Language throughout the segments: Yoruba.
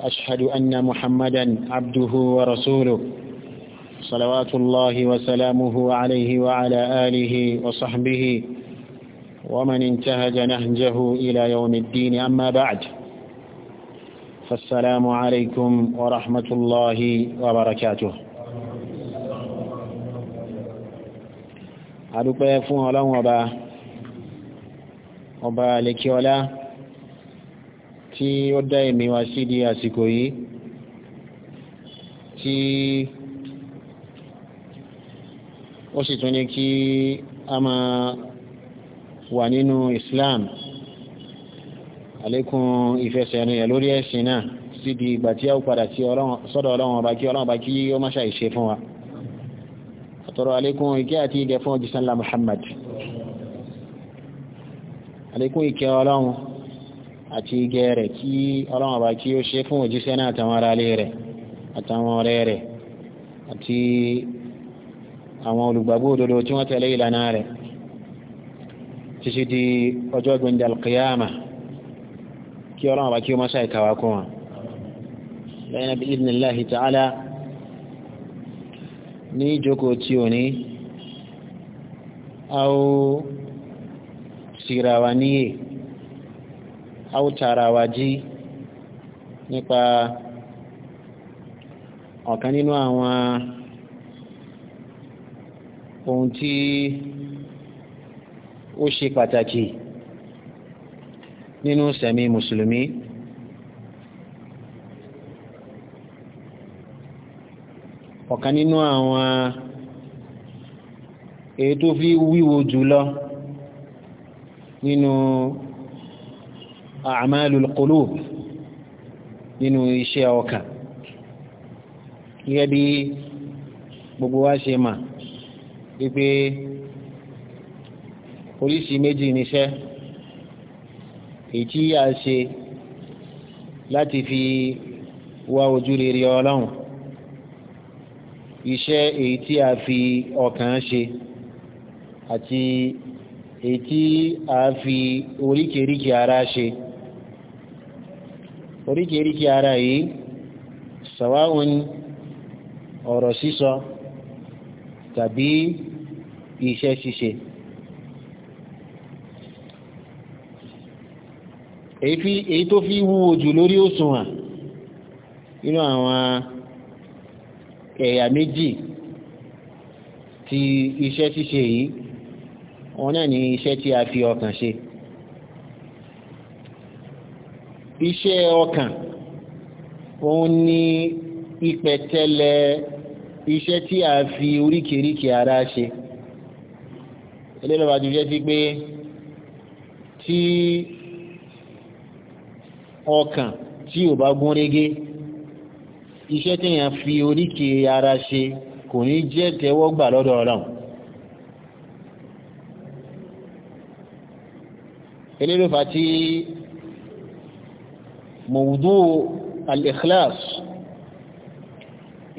أشهد أن محمدا عبده ورسوله صلوات الله وسلامه عليه وعلى آله وصحبه ومن انتهج نهجه إلى يوم الدين أما بعد فالسلام عليكم ورحمة الله وبركاته أدوك يفون الله وبا وبا لكي ولا tí ó dá ẹ̀mí wa sí di àsìkò yìí tí ó sì tún ní kí a máa wà nínú Islam àlékún ìfẹsẹ̀rin ẹ̀ lórí ẹ̀sìn náà sí di ìgbà tí a ó padà sí sọ́dọ̀ ọlọ́run ọba kí ọlọ́run ọba kí ó máṣà ìṣe fún wa àtọ̀rọ̀ àlékún ìkẹ́ àti ìgẹ̀ fún òjíṣẹ́ Muhammad àlékún ìkẹ́ ọlọ́run àti gẹ̀ẹ́rẹ̀ kí ọlọ́run bá kí ó ṣe fún òjíṣẹ́ náà àtàwọn ará ilé rẹ̀ àtàwọn ọ̀rẹ́ rẹ̀ àti àwọn olùgbàgbọ́ òdodo tí wọ́n tẹ̀lé ìlànà rẹ̀ títí di ọjọ́ gbẹ̀ndẹ̀ alkiyama kí ọlọ́run bá kí ó mọ́ṣá ìkàwá kún wọn lẹ́yìn bí idhnillahi ta'ala ní ìjókòó tí ò ní a sìràwà níyè a ó tara wa jí nípa ọ̀kan nínú àwọn ohun tí ó ṣe pàtàkì nínú sẹ̀mí mùsùlùmí. ọ̀kan nínú àwọn èyí tó fi wíwo jùlọ nínú أعمال القلوب nínú iṣẹ́ ọkàn gẹ́gẹ́ bí gbogbo wa ṣe mà wípé oríṣi méjì níṣẹ́ èyí tí a ṣe láti fi wá ojú rere ọlọ́run iṣẹ́ èyí tí a fi ọkàn ṣe àti èyí tí a fi oríkèéríkèé ara ṣe oríkèríkè ara yìí sàwáwọn ọ̀rọ̀ sísọ tàbí iṣẹ́ ṣíṣe èyí tó fi wúwo jù lórí òṣùwọ̀n nínú àwọn ẹ̀yà méjì ti iṣẹ́ ṣíṣe yìí wọn náà ní iṣẹ́ tí a fi ọkàn ṣe. iṣẹ́ ọkàn òun ni ìpẹ̀tẹ́lẹ̀ iṣẹ́ tí a fi oríkèríkè ara ṣe eléyìí bàtú jẹ́ sí pé tí ọkàn tí ò bá gún régé iṣẹ́ tí fi oríkè ara ṣe kò ní jẹ́ tẹ́wọ́gbà lọ́dọ̀ ọlọ́run eléyìí bàtú mọ̀wùdó al-ikhlas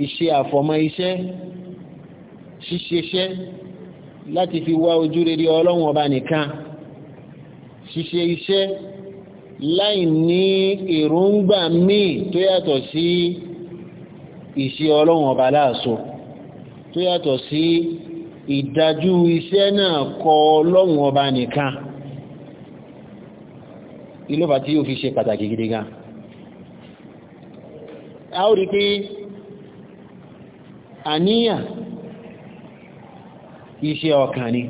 iṣẹ́ àfọ̀mọ́ iṣẹ́ ṣíṣeṣẹ́ láti fi wá ojú rere ọlọ́run ọba nìkan ṣíṣe iṣẹ́ láì ní èròǹgbà míì tó yàtọ̀ sí iṣẹ́ ọlọ́run ọba láàṣọ tó yàtọ̀ sí ìdájú iṣẹ́ náà kọ ọlọ́run ọba nìkan ilé ọba tí yóò fi ṣe pàtàkì gidi gan-an a ó rí pé àníyàn iṣẹ́ ọkàn ni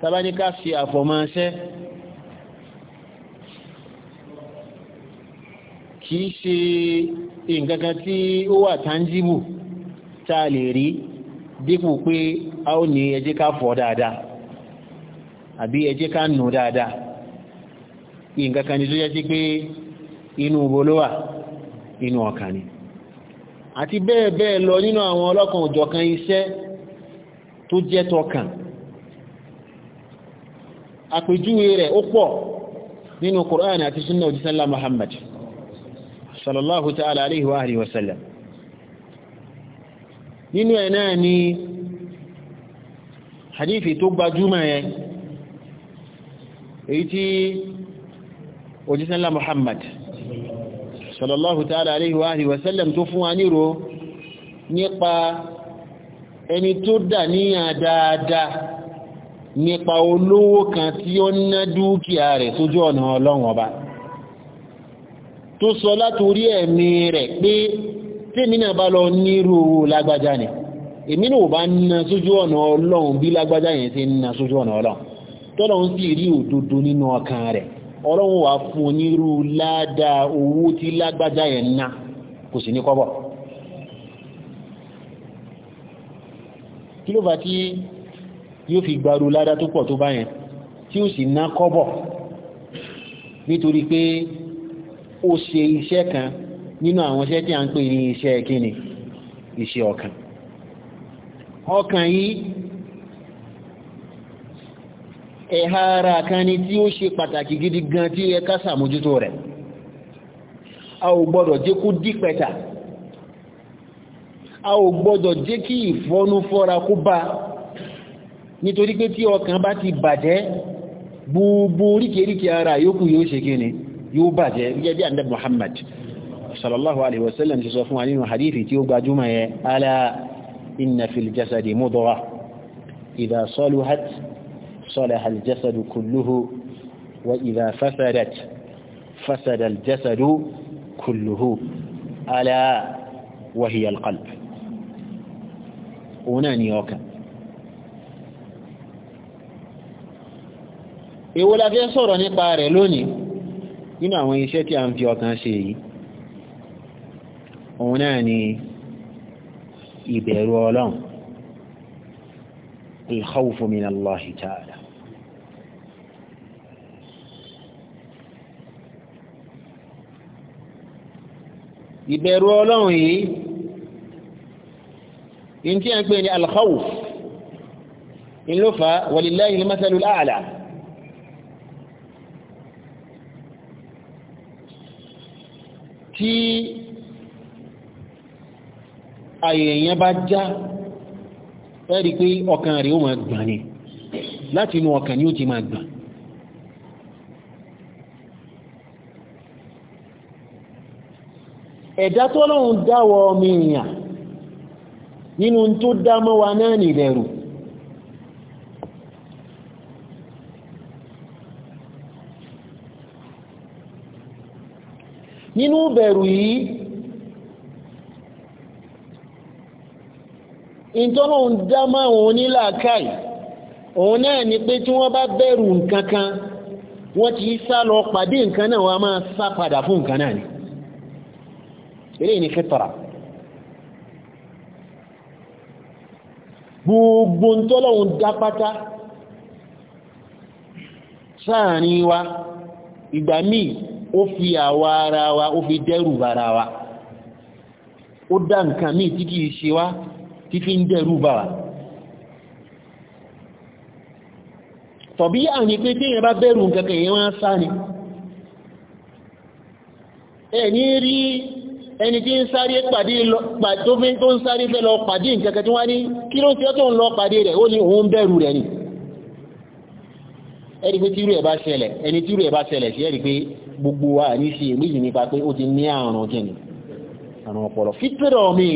tàbá ní ká fi àfọ̀mọ́ṣẹ́ kìí ṣe nǹkankan tí ó wà tangible tá lè rí dípò pé a ó ní ẹ ká fọ̀ dáadáa àbí ẹ ká nù dáadáa nǹkankan ni tó jẹ́ sí pé inú bolo wà nínú ọkàn ni àti bẹ́ẹ̀ bẹ́ẹ̀ lọ nínú àwọn ọlọ́kan òjọ̀kan iṣẹ́ tó jẹ́ tọkàn àpèjúwe rẹ̀ ó pọ̀ nínú Qur'an àti sunna òjísánlá Muhammad sallallahu ta'ala alaihi wa alihi wasallam nínú ẹ̀ náà ni hadithi tó gbajúmọ̀ ẹ̀ èyí tí òjísánlá Muhammad sallallahu ta'ala alayhi wa alihi wa sallam tó fún wa níro nípa ẹni tó dà níyàn dáadáa nípa olówó kan tí ó ná dúkìá rẹ̀ sójú ọ̀nà ọlọ́run ọba tó sọ látorí ẹ̀mí rẹ̀ pé tèmi náà bá lọ nírú lágbájá ni èmi náà rẹ̀ ọlọ́run wà fún onírú ládàá owó tí lágbájá yẹn ná kò sí ní kọ́bọ̀ kí ló bá tí yóò fi gbaru ládàá tó pọ̀ tó bá yẹn tí ó sì ná kọ́bọ̀ nítorí pé ó ṣe iṣẹ́ kan nínú àwọn iṣẹ́ tí a ń pè ní iṣẹ́ kíni iṣẹ́ ọkàn ọkàn yìí ẹ̀há ara kan ni tí ó ṣe pàtàkì gidi gan tí ẹ ká sàmójútó rẹ̀ a ò gbọ́dọ̀ jẹ́ kó dípẹta a ò gbọ́dọ̀ jẹ́ kí ìfọ́nú fọ́ra kó bá nítorí pé tí ọkàn bá ti bàjẹ́ gbogbo oríkèríkè ara yókù yóò ṣe kí ni yóò bàjẹ́ gẹ́gẹ́ bí ànábì Muhammad sallallahu alaihi wasallam ti sọ fún wa hadithi tí ó gbajúmọ̀ yẹ ala inna fil jasadi mudghah idha saluhat صلح الجسد كله وإذا فسدت فسد الجسد كله ألا وهي القلب وناني أوكا ìwòlá fi ń sọ̀rọ̀ nípa rẹ̀ lónìí nínú àwọn iṣẹ́ tí a ń fi ọkàn ṣe yìí òun náà ni ìbẹ̀rù ọlọ́run al-khawfu min Allahi ta'ala ìbẹ̀rù ọlọ́run yìí ìntí à ń pè ní alkhawf ìlúfà walillahi al-mathalu al-a'la tí àyè yẹn bá já ẹ rí pé ọkàn rẹ̀ ó máa gbà ní láti inú ọkàn ni ó ti máa gbà ní ẹ̀dá tó lọ́run dáwọ ọmọ èèyàn nínú tó dámọ́ wa náà ní ìdẹ̀rù nínú bẹ̀rù yìí ìtọ́nà ń dá máa wọn onílàákàì òun náà ni pé tí wọ́n bá bẹ̀rù nǹkankan wọ́n ti sá lọ pàdé nǹkan náà wọ́n máa sá padà fún nǹkan náà eléyìí ni fitra gbogbo ntọ́lọ́hun dápátá sáàrin wa ìgbà míì ó fi àwa ara wa ó fi dẹ́rù bara wa ó dá nǹkan míì tí kìí ṣe wá tí fi ń dẹ́rù bà wá tọ̀bí àní pé tí èyàn bá bẹ̀rù nǹkan kan èyàn wá ẹ̀ ní rí ẹni tí ń sáré pàdé tó fi tó ń sáré fẹ́ lọ pàdé nǹkankan tí wọ́n ní kí ló ń tẹ́ tó ń lọ pàdé rẹ̀ ó ní òun bẹ̀rù rẹ̀ ni ẹni pé tírú ẹ̀ bá ṣẹlẹ̀ ẹni tírú ẹ̀ bá ṣẹlẹ̀ sí ẹ̀rí pé gbogbo wa ní ṣe èméjì nípa pé ó ti ní àrùn kìnnì àrùn ọpọlọ fítẹ̀rọ ọmọ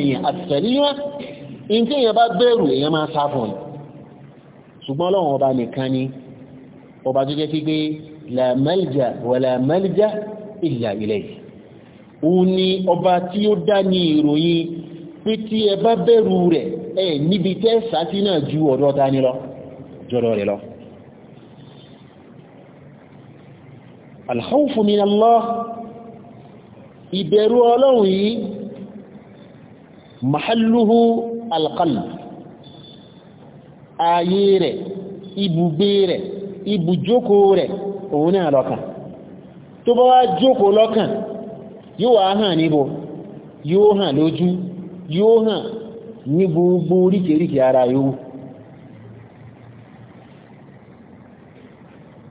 òun ni ọba tí ó dá ní ìròyìn pé tí ẹ bá bẹ̀rù rẹ̀ ẹ níbi tẹ́ sátí náà ju ọ̀dọ̀ ta ni lọ jọ̀rọ̀ rẹ̀ lọ alhaufu min Allah ìbẹ̀rù ọlọ́run yìí mahalluhu alqalb ààyè rẹ̀ ibùgbé rẹ̀ ibùjókòó rẹ̀ òun náà lọ́kàn tó bá wá jókòó lọ́kàn yóò wá hàn níbo yóò hàn lójú yóò hàn ní gbogbo oríkèríkè ara yóò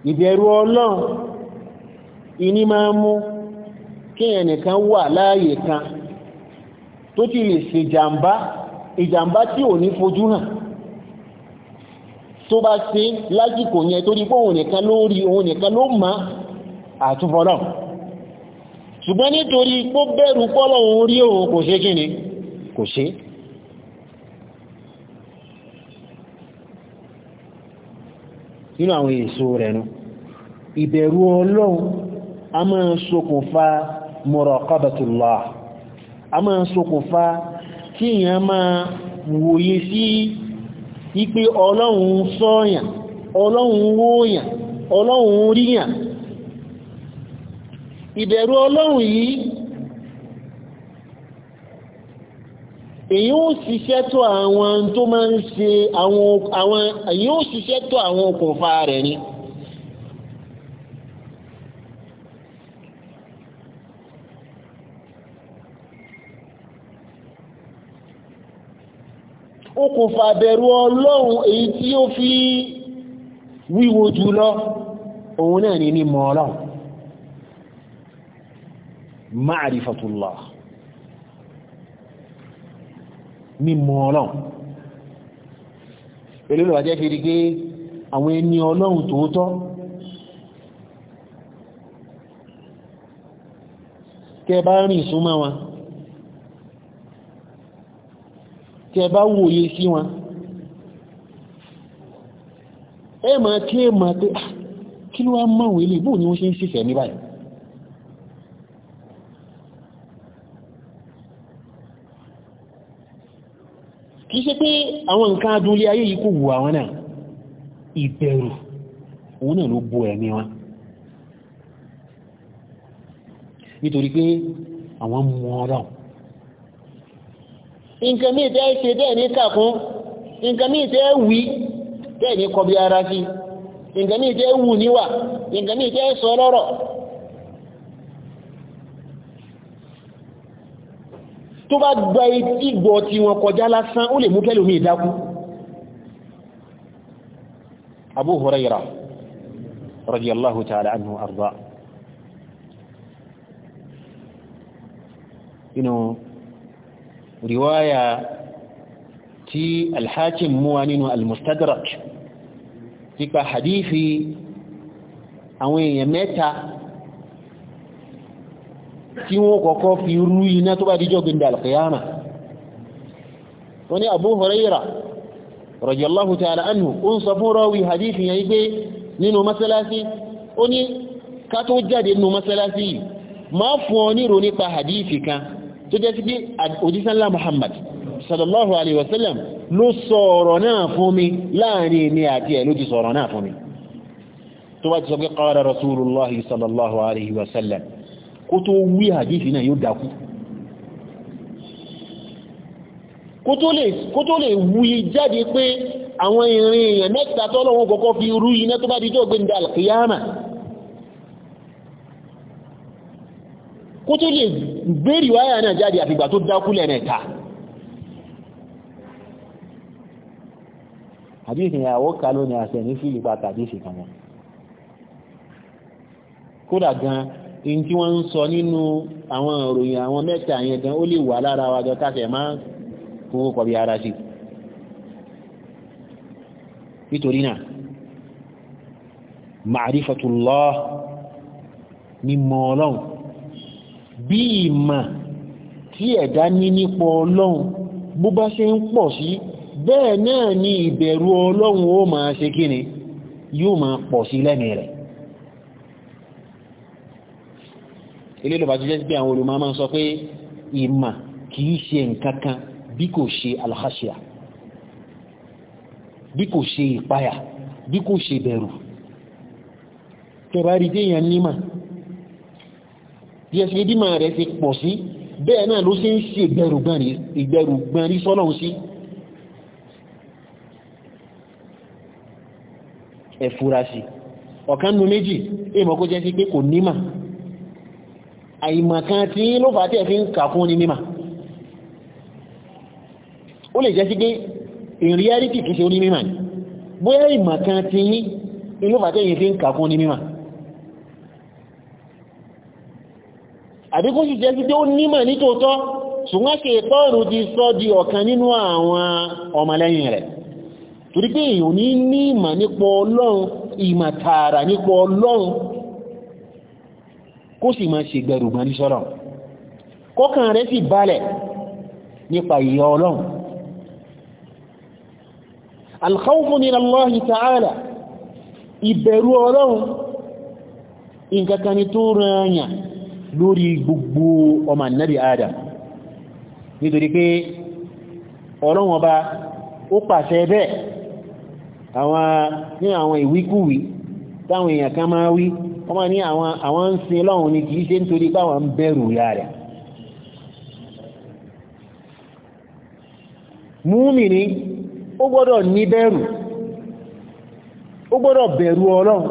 ìbẹ̀rù ọlọ́run iní máa mú kí ẹnìkan wà láàyè kan tó ti lè ṣe jàmbá ìjàmbá tí ò ní fojú hàn tó bá ṣe yẹn òun nìkan òun nìkan ló ṣùgbọ́n nítorí pó bẹ̀rù pọ́lọ̀ òun rí òun kò ṣe kí kò ṣe nínú àwọn èso rẹ̀ nù ìbẹ̀rù ọlọ́run a máa ṣokùnfà muraqabatullah a máa ṣokùnfà tí èèyàn máa wòye sí wípé ọlọ́run sọ́yàn ọlọ́run wóyàn ọlọ́run ríyàn ìbẹ̀rù ọlọ́run yìí èyí ó ṣiṣẹ́ tó àwọn tó máa ń ṣe àwọn èyí ó ṣiṣẹ́ tó àwọn okùnfà rẹ̀ ni okùnfà bẹ̀rù ọlọ́run èyí tí ó fi wíwo jùlọ òun náà ni mímọ̀ ọlọ́run ma'rifatullah mímọ̀ ọlọ́run pẹ̀lú ìlú àjẹ́ fi rí pé àwọn ẹni ọlọ́run tòótọ́ tẹ́ bá rìn súnmọ́ wọn tẹ́ bá wòye sí wọn ẹ ma kí ma pé ah, kí ló wá mọ̀wé ni wọ́n ṣe ń ṣiṣẹ́ ní kìí ṣe pé àwọn nǹkan adúlé ayé yìí kò wù àwọn náà ìbẹ̀rù òun náà ló n'itori ẹ̀mí wọn nítorí pé àwọn mú ọ̀rọ̀ nǹkan míì tẹ́ ṣe tẹ́ ní kàkún nǹkan míì tẹ́ wí tẹ́ ní kọbi ara sí nǹkan míì tẹ́ wù níwà nǹkan míì tẹ́ sọ tó bá gba ìgbọ̀ tí wọn kọjá lásán ó lè mú kẹ́lòmí ìdákú Abu Hurairah radiyallahu ta'ala anhu arda inu riwaya ti alhakim muwa nínú almustadrak nípa hadithi àwọn èèyàn mẹ́ta tí wọ́n kọ́kọ́ fi rú iná tó bá díjọ́ gbìndà alkiyama wọ́n ní Abu Huraira radiyallahu ta'ala anhu ó ń sọ fún rọ́wí hadithi yẹn gbé nínú masalasi ó ní ká tó jáde nínú masalasi ma fún ọ níro nípa hadithi kan tó jẹ́ sí pé òjísánlá Muhammad sallallahu alaihi wasallam ló sọ̀rọ̀ náà fún mi láàrin ni àti ẹ̀ ló ti sọ̀rọ̀ náà fún mi tó bá ti sọ pé qala rasulullahi sallallahu alaihi wasallam kó tó wí àdífì náà yóò dákú kó tó lè wúyí jáde pé àwọn ìrìn èèyàn mẹ́ta tọ́lọ́wọ́n kọ́kọ́ fi rú iná tó bá di tó gbẹ̀ndà alkiyama kó tó lè gbérí wáyà náà jáde àfìgbà tó dákú lẹ́nẹ̀ta àdífì ìyàwó kalóni ní in tí wọ́n ń sọ nínú àwọn ìròyìn àwọn mẹ́ta yẹn gan ó lè wà lára wa jọ káfẹ̀ máa fún kọ̀bí ara sí nítorí náà ma'rifatullah ni mọ̀ ọlọ́run bí ìmọ̀ tí ẹ̀dá ní nípa ọlọ́run bó bá ṣe ń pọ̀ sí bẹ́ẹ̀ náà ni ìbẹ̀rù ọlọ́run ó máa ṣe kíni yóò máa pọ̀ sí lẹ́mìí ilé ló bá tó jẹ́ sí pé àwọn olùmọ̀ máa ń sọ pé ìmà kìí ṣe nǹkan kan bí kò ṣe alhashia bí kò ṣe ìpayà bí kò ṣe bẹ̀rù tẹ̀bárí téèyàn nímà bí ẹ ṣe bímọ rẹ̀ ti pọ̀ sí bẹ́ẹ̀ náà ló ṣe ń ṣe ìgbẹ̀rùgbọ̀n rí sọ́lọ́hun sí ẹ̀fúra sí ọ̀kan nu méjì èèmọ̀ kó jẹ́ sí pé kò nímà àìmọ̀kan tí ló fà tẹ́ fi ń kà ní mímọ̀ ó lè jẹ́ sí pé in reality kìí ṣe ó ní mímọ̀ ní bóyá ìmọ̀kan tí ló fà tẹ́ yìí fi ń kà fún ní mímọ̀ àdíkún sì jẹ́ sí pé ó nímọ̀ ní tòótọ́ ṣùgbọ́n ṣe ti sọ di ọ̀kan nínú àwọn ọmọlẹ́yìn rẹ̀ torí èèyàn ní ní ìmọ̀ nípa ọlọ́run ìmọ̀ tààrà nípa ọlọ́run kó sì máa ṣe gbẹrùgbọ́n ní sọ́rọ̀ kọ́kàn rẹ̀ sì balẹ̀ nípa ìyà ọlọ́run alkhawfu min Allah ta'ala ìbẹ̀rù ọlọ́run nǹkankan ni tó rányà lórí gbogbo ọmọ annabi adam nítorí pé ọlọ́run ọba ó pàṣẹ bẹ́ẹ̀ àwọn ní àwọn ìwíkúwí táwọn èèyàn kan máa wí wọ́n máa ní àwọn àwọn ń sin lọ́hùn ni kìí ṣe nítorí báwọn ń bẹ̀rù ya rẹ̀ múmi ni ó gbọ́dọ̀ ní bẹ̀rù ó gbọ́dọ̀ bẹ̀rù ọlọ́run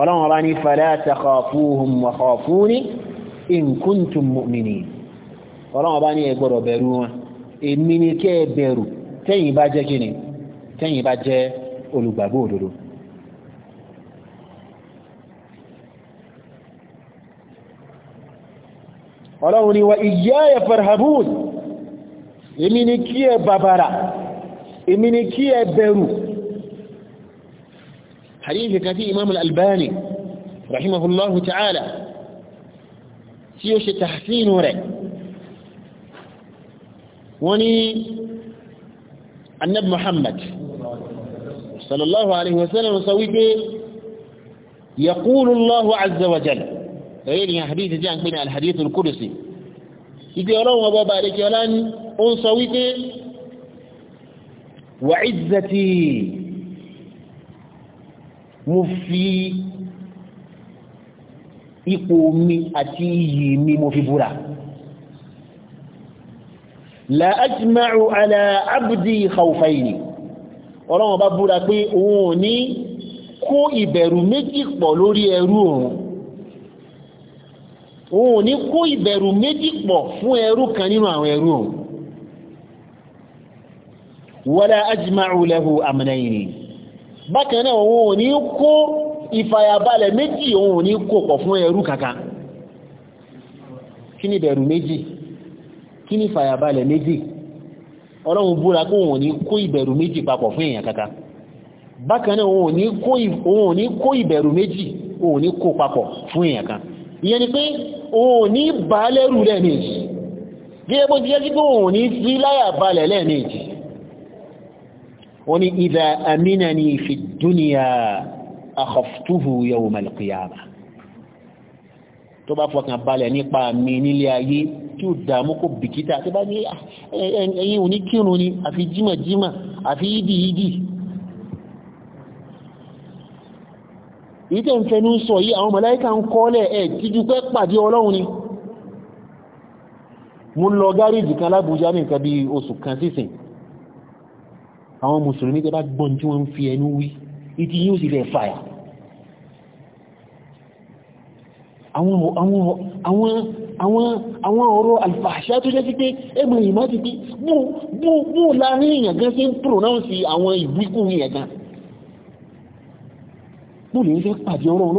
ọlọ́run ọba ní fala takhafuhum wa ọlọ́run ọba ní ẹ bẹ̀rù wọn tẹ́yìn bá jẹ́ kíni tẹ́yìn bá jẹ́ olùgbàgbọ́ òdodo. ọlọ́run ni wa iyaya farhabun èmi ni kí ẹ bàbàrà èmi ni kí ẹ bẹ̀rù hadithi kan tí imam al-albani rahimahullahu ta'ala tí ó ṣe tahsinu rẹ̀ wọ́n ni annabi muhammad sallallahu alaihi wasallam sọ wípé yaqulu allahu azza wa jalla èyí ni hadith jẹ́ àpínà alhadith al-qudsi ibi ọlọ́run ọba bá àdékẹ́ ọlá ní ó ń wa izzati mo fi mi àti iyì mi mo fi búra la ajma'u ala abdi khawfayni ọlọ́run bá búra pé òun ò ní kó ìbẹ̀rù méjì pọ̀ lórí ẹrú òun òun ò ní kó ìbẹ̀rù méjì pọ̀ fún ẹrú kan nínú àwọn ẹrú òun wala ajma'u lahu amnayni bákan náà òun ní kó ìfàyàbalẹ̀ méjì òun ní kó pọ̀ fún ẹrú kankan kí ni ìbẹ̀rù méjì kí ni ìfàyàbalẹ̀ méjì ọlọ́run búra kó wọn ní kó ìbẹ̀rù méjì papọ̀ fún èèyàn kankan bákan náà wọn ò ní kó ìbẹ̀rù méjì wọn ò ní kó papọ̀ fún èèyàn kan ìyẹn ni pé wọn ò ní bà lẹ́rù lẹ́ẹ̀mejì gẹ́gẹ́ bó ti jẹ́ sí pé wọn ò ní sí láyà balẹ̀ tí ó dààmú kó bìkítà tí bá ní ah, ẹ̀yìn òní kírun ni àfi jímọ̀ jímọ̀ àfi ìdí ìdí ìtẹ́ ń fẹnu sọ yí àwọn màláíkà ń kọ́lẹ̀ ẹ̀ tíjú pẹ́ pàdé ọlọ́run ni mo lọ gáréjì kan lábújá ní nǹkan bí oṣù kan sísìn àwọn mùsùlùmí tẹ́ bá gbọ́n tí wọ́n ń fi ẹnu wí ìtí yóò sì fẹ́ fàyà àwọn ọ̀rọ̀ alfàṣà tó jẹ́ pípé ẹgbẹ̀ ìmá ti pé bú láàrin èèyàn gan sí ń pronounce àwọn ìwíkú èèyàn gan bú lè ń fẹ́ pàdé ọ̀rọ̀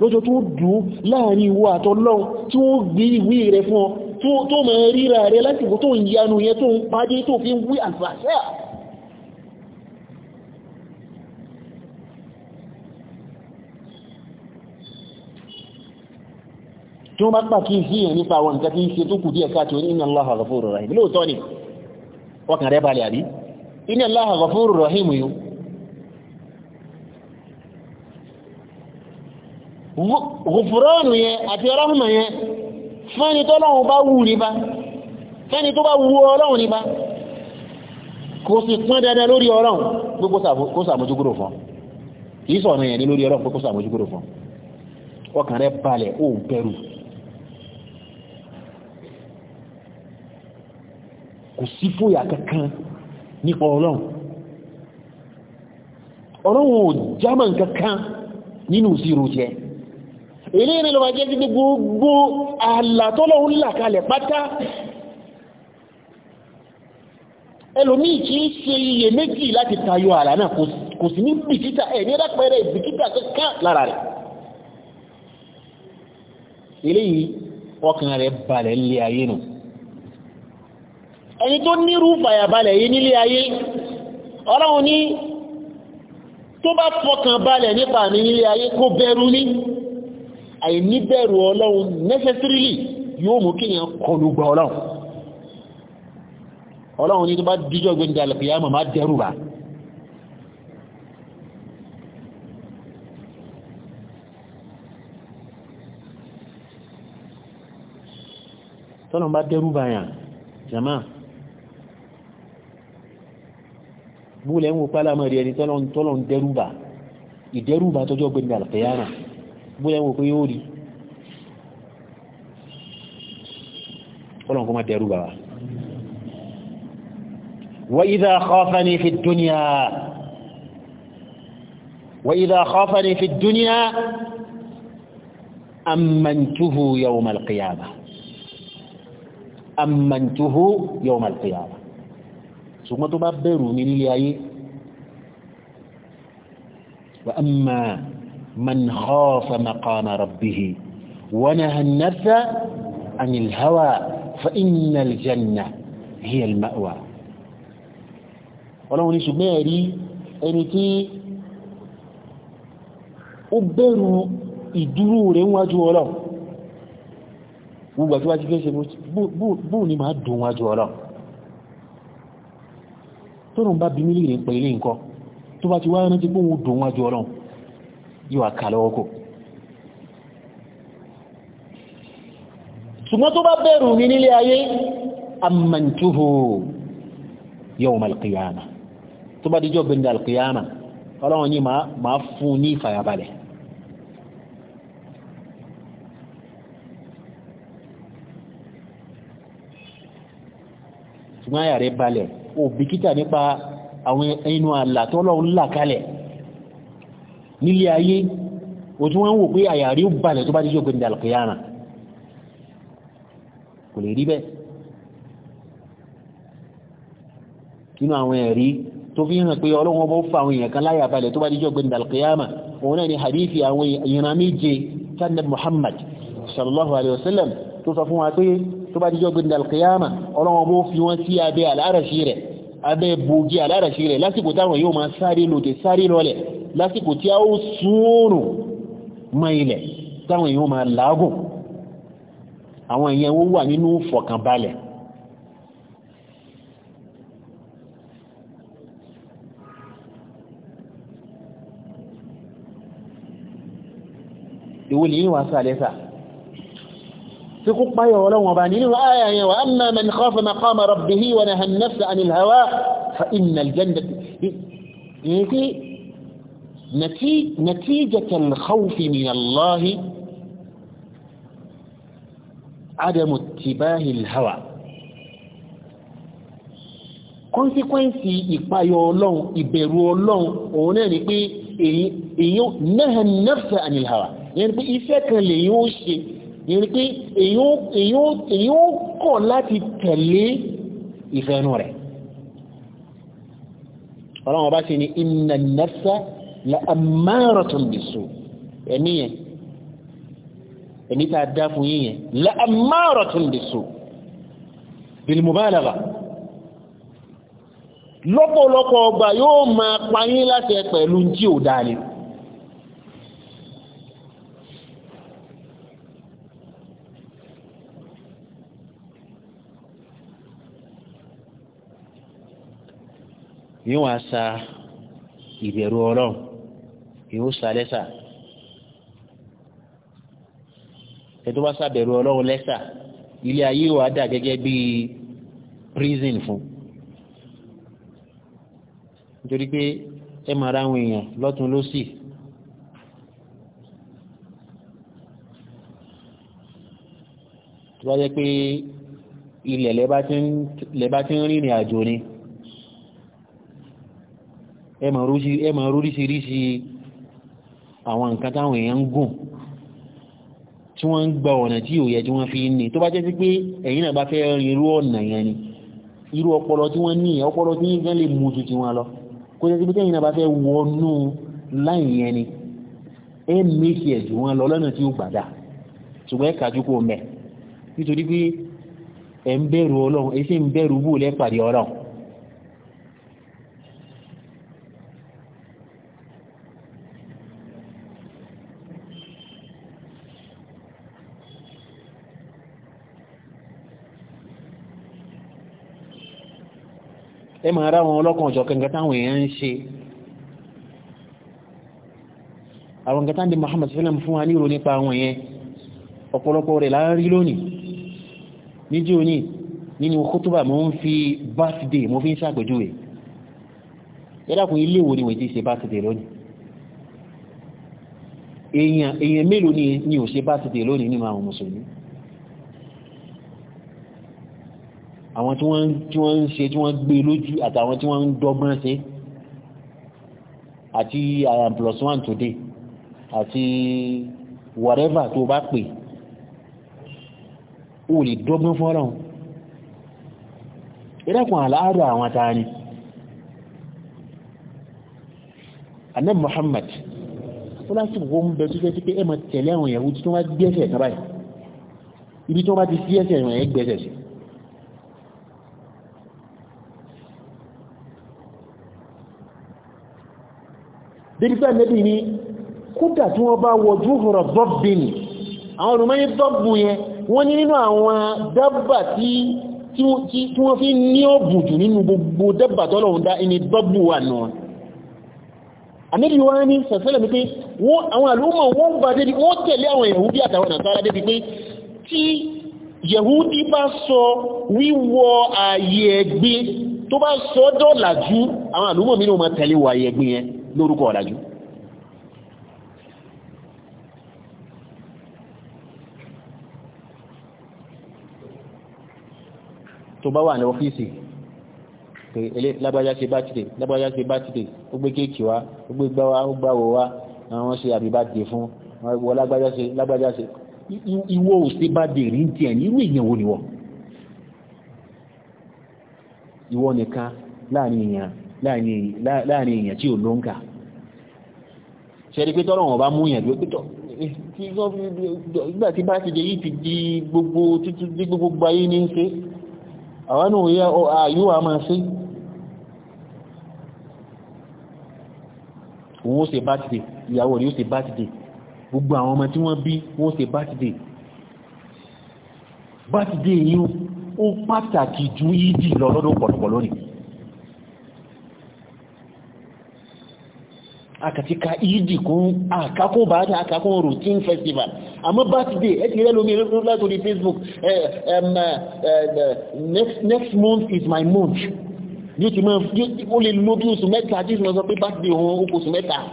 lọ́jọ́ tó dùn láàrin ìwọ àtọ́lọ́un tí ó gbé ìwé rẹ̀ fún ọ tó mọ̀ ríra rẹ̀ láti bó tó ń yanu yẹ tó ń pàdé tó fi ń wí alfàṣà tí wọ́n bá pàkíyèsí èèyàn nípa àwọn nǹkan tí ń ṣe tó kù díẹ̀ káàtó ní inna Allaha ghafurur rahim lóòótọ́ ni ọkàn rẹ̀ balẹ̀ àbí inna Allaha ghafurur rahim yìí gùfúránù yẹn àti ọlọ́hùnmọ̀ yẹn fẹ́ni tó lọ́hùn bá wù ní bá fẹ́ni tó bá wù ọlọ́hùn ní bá kò sì pín dandan lórí ọlọ́hùn balẹ̀ ó bẹ̀rù kò sí fòyà kankan nípa ọlọ́run ọlọ́run ò jámà kankan nínú ìṣirò jẹ́ èlé ìrìn lọ́wọ́ jẹ́ títí gbogbo àlàtọ́lọ́run làkalẹ̀ pátá ẹlòmíì kì í ṣe iye méjì láti tayọ àlà náà kò sí ní bìkítà ẹ̀ ní rápẹ̀rẹ̀ bìkítà kankan lára rẹ̀ eléyìí ọkàn rẹ̀ balẹ̀ lé ayé nù ẹni tó nírú fàyàbalẹ̀ yìí nílé ayé ọlọ́run ní tó bá fọkàn balẹ̀ nípa mi nílé ayé kó bẹ̀rù ní àìní bẹ̀rù ọlọ́run necessarily yóò mú kí èèyàn kọlu gba ọlọ́run ọlọ́run ní tó bá jama bóòlẹ̀ ń wo pálámọ̀ rí ẹni tọ́lọ̀ ń dẹ́rùbà ìdẹ́rùbà tọ́jọ́ gbẹ̀ndẹ̀ àlùkẹ́yàmà bóòlẹ̀ ń wo pé yóò rí tọ́lọ̀ kọ́ má dẹ́rùbà wa wa idha khafani fi dunya wa idha khafani fi dunya amàntúhù yawm al-qiyamah yawm al ṣùgbọ́n tó bá bẹ̀rù mi nílé ayé wa amma man khafa maqama rabbihi wa naha an-nafsa 'anil hawa fa innal janna hiya al-ma'wa ọlọ́run ní ṣùgbọ́n ẹ̀rí ẹni tí ó bẹ̀rù ìdúró rẹ̀ wájú ọlọ́run gbogbo àti wájú fẹ́ ṣe bóò ní máa dùn wájú ọlọ́run tọ́rùn bá bí mílì nípa ilé nǹkan tó bá ti wá rántí pé òun dùn wájú ọlọ́run yóò àkà lọ́wọ́ kò ṣùgbọ́n tó bá bẹ̀rù mi nílé ayé amantuhu yawm al-qiyamah tó bá díjọ́ gbẹ̀ndẹ̀ al-qiyamah ọlọ́run yìí máa fún ní ìfàyàbalẹ̀ ṣùgbọ́n àyà rẹ̀ balẹ̀ òbìkítà nípa àwọn ẹnu àlà tọ́lọ́run là kalẹ̀ nílé ayé o tí wọ́n ń wò pé àyàrí ó balẹ̀ tó bá díjọ́ pé ní alkiyama kò lè rí bẹ́ẹ̀ nínú àwọn ẹ̀rí tó fi hàn pé ọlọ́run ọba ó fa àwọn èèyàn kan láyà balẹ̀ tó bá díjọ́ pé ní òun náà ni hadithi àwọn ìran méje sanad Muhammad sallallahu alaihi wasallam tó sọ fún wa pé tó bá díjọ́ gbẹ̀dẹ̀ alkiyama ọlọ́wọ́ bó fi wọ́n sí abẹ́ alárasí rẹ̀ abẹ́ bògì alárasí rẹ̀ lásìkò táwọn yóò máa sáré lòdì sáré lọlẹ̀ lásìkò tí a ó súnrùn mọ ilẹ̀ táwọn yóò máa làágùn àwọn èèyàn ó wà nínú fọ̀kànbalẹ̀ ìwòlì yìí wà sálẹ́sà fi kó páyọ̀ ọlọ́wọ̀n bá nínú ayà yẹn wa amma man khafa maqama rabbihi wa naha an-nafsa 'anil hawa fa innal jannata yake نتيجة الخوف من الله عدم اتباه الهوى consequence ìpayọ ọlọ́run ìbẹ̀rù ọlọ́run òun náà ni pé èyí náà nafsa 'anil hawa yẹn pé iṣẹ́ kan lèyìn ó ṣe ní pé èyí ó kọ̀ láti tẹ̀lé ìfẹ́nu rẹ̀ ọlọ́wọ́ bá ṣe ni inna nafsa la ammaratun bisu ẹ̀mí yẹn ẹ̀mí tàà dá fún yíyẹn la bisu bil lọ́pọ̀lọpọ̀ ọgbà yóò máa payín láti ẹ pẹ̀lú tí ò dáa Ni wá sa ìbẹ̀rù ọlọ́run yóò sa lẹ́sà ẹ̀tọ́ bá sàbẹ̀rù ọlọ́run lẹ́sà ilé ayé wa dà gẹ́gẹ́ bíi prison fún nítorí pé ẹ máa ra àwọn èèyàn lọ́tún lọ́sì tó bá jẹ́ pé ilẹ̀ lẹ́bá ti ń rìnrìn àjò ni ẹ máa róríṣiríṣi àwọn nǹkan táwọn èèyàn ń gùn tí wọ́n ń gba ọ̀nà tí ò yẹ tí wọ́n fi ń ní tó bá jẹ́ sí pé ẹ̀yin náà bá fẹ́ rin irú ọ̀nà yẹn ni irú ọpọlọ tí wọ́n ní ọpọlọ tí yín gan lè mú ju tiwọn lọ kó jẹ́ sí pé ẹ̀yin náà bá fẹ́ wọnú láì yẹn ni ẹ méjì ẹ̀ jù wọn lọ lọ́nà tí ó gbàdá ṣùgbọ́n ẹ kàjú kó mẹ́ nítorí pé ẹ̀ ń bẹ̀rù ọlọ́run ẹ máa rá wọn ọlọ́kan ọ̀ṣọ́ kankan táwọn èèyàn ń ṣe àwọn kankan ní Muhammad sallam fún wa níro nípa àwọn yẹn ọ̀pọ̀lọpọ̀ rẹ̀ láàárí lónìí níjó ní nínú kótóbà mo ń fi birthday mo fi ń ṣàpèjúwe ẹ̀dàkùn ilé ìwò ni wọ́n ti ṣe birthday lónìí èèyàn mélòó ni ò ṣe birthday lónìí nínú àwọn mùsùlùmí àwọn tí wọ́n tí wọ́n ń ṣe tí wọ́n gbé lójú àtàwọn tí wọ́n ń dọ́gbọ́n ṣe àti i uh, am plus one today àti whatever tó bá pè ó lè dọ́gbọ́n fọ́rọ̀ ìrẹ́kùn àláàrọ̀ àwọn tani anab Muhammad ó lásìkò wọ́n bẹ̀ tó jẹ́ sí pé ẹmọ tẹ̀lé àwọn ìyàwó tí wọ́n bá gbẹ́sẹ̀ sábàá ibi tí wọ́n bá ti sí ẹsẹ̀ ìrìn sí débítà nẹ́bí ni kódà tí wọ́n bá wọ júhùrọ̀ dọ́bìn àwọn olùmọ́yí dọ́bù yẹn wọ́n ní nínú àwọn dábà tí wọ́n fi ní ọ̀bùn jù nínú gbogbo dábà tọ́lọ̀hún dá ẹni dọ́bù wà náà àmìlì wọ́n ní sẹ̀sẹ́lẹ̀ wípé àwọn àlúmọ̀ wọ́n bá débi wọ́n tẹ̀lé àwọn yahudi àtàwọn nàtàrà débi pé tí yahudi bá sọ wíwọ ààyè ẹ̀gbin tó bá sọ dọ́là àwọn àlúmọ̀ mínú ma tẹ̀lé wà ààyè ẹ̀gbin lórúkọ ọ̀làjú. tó bá wà ní ọ́fíìsì pé elé lágbájá ṣe bátìdè lágbájá ṣe bátìdè ó gbé kéèkì wá ó gbé gbá wá ó gbá wò wá àwọn ṣe àbí bátìdè fún wọ́n lágbájá ṣe lágbájá ṣe ìwọ ò ṣe bátìdè rí ti ẹ̀ nínú èèyàn wo nìwọ ìwọ nìkan láàrin èèyàn láàrin èèyàn tí ò ló ń kà ṣẹ́rí pé tọ́rọ̀ wọn bá mú èèyàn pẹ́tọ́ eh, ìgbà tí bá ti dé yìí ti di gbogbo títí di gbogbo ayé ní ṣe àwọn náà yẹ àyíwá máa ṣe òun ó ṣe bá ti dé ìyàwó rí ó ṣe bá ti dé gbogbo àwọn ọmọ tí wọ́n bí wọ́n ṣe bá ti dé bá ti dé yìí ó pàtàkì ju yìí dì lọ lọ́dọ̀ pọ̀lọpọ̀ lónìí aka ci ka idi kun aka kun ba ta aka kun routine festival amma birthday e tire lo mi rula to di facebook next next month is my month ni ti ma o le lo bi oṣù mẹ́ta ti mo sọ pé birthday òun o oṣù mẹ́ta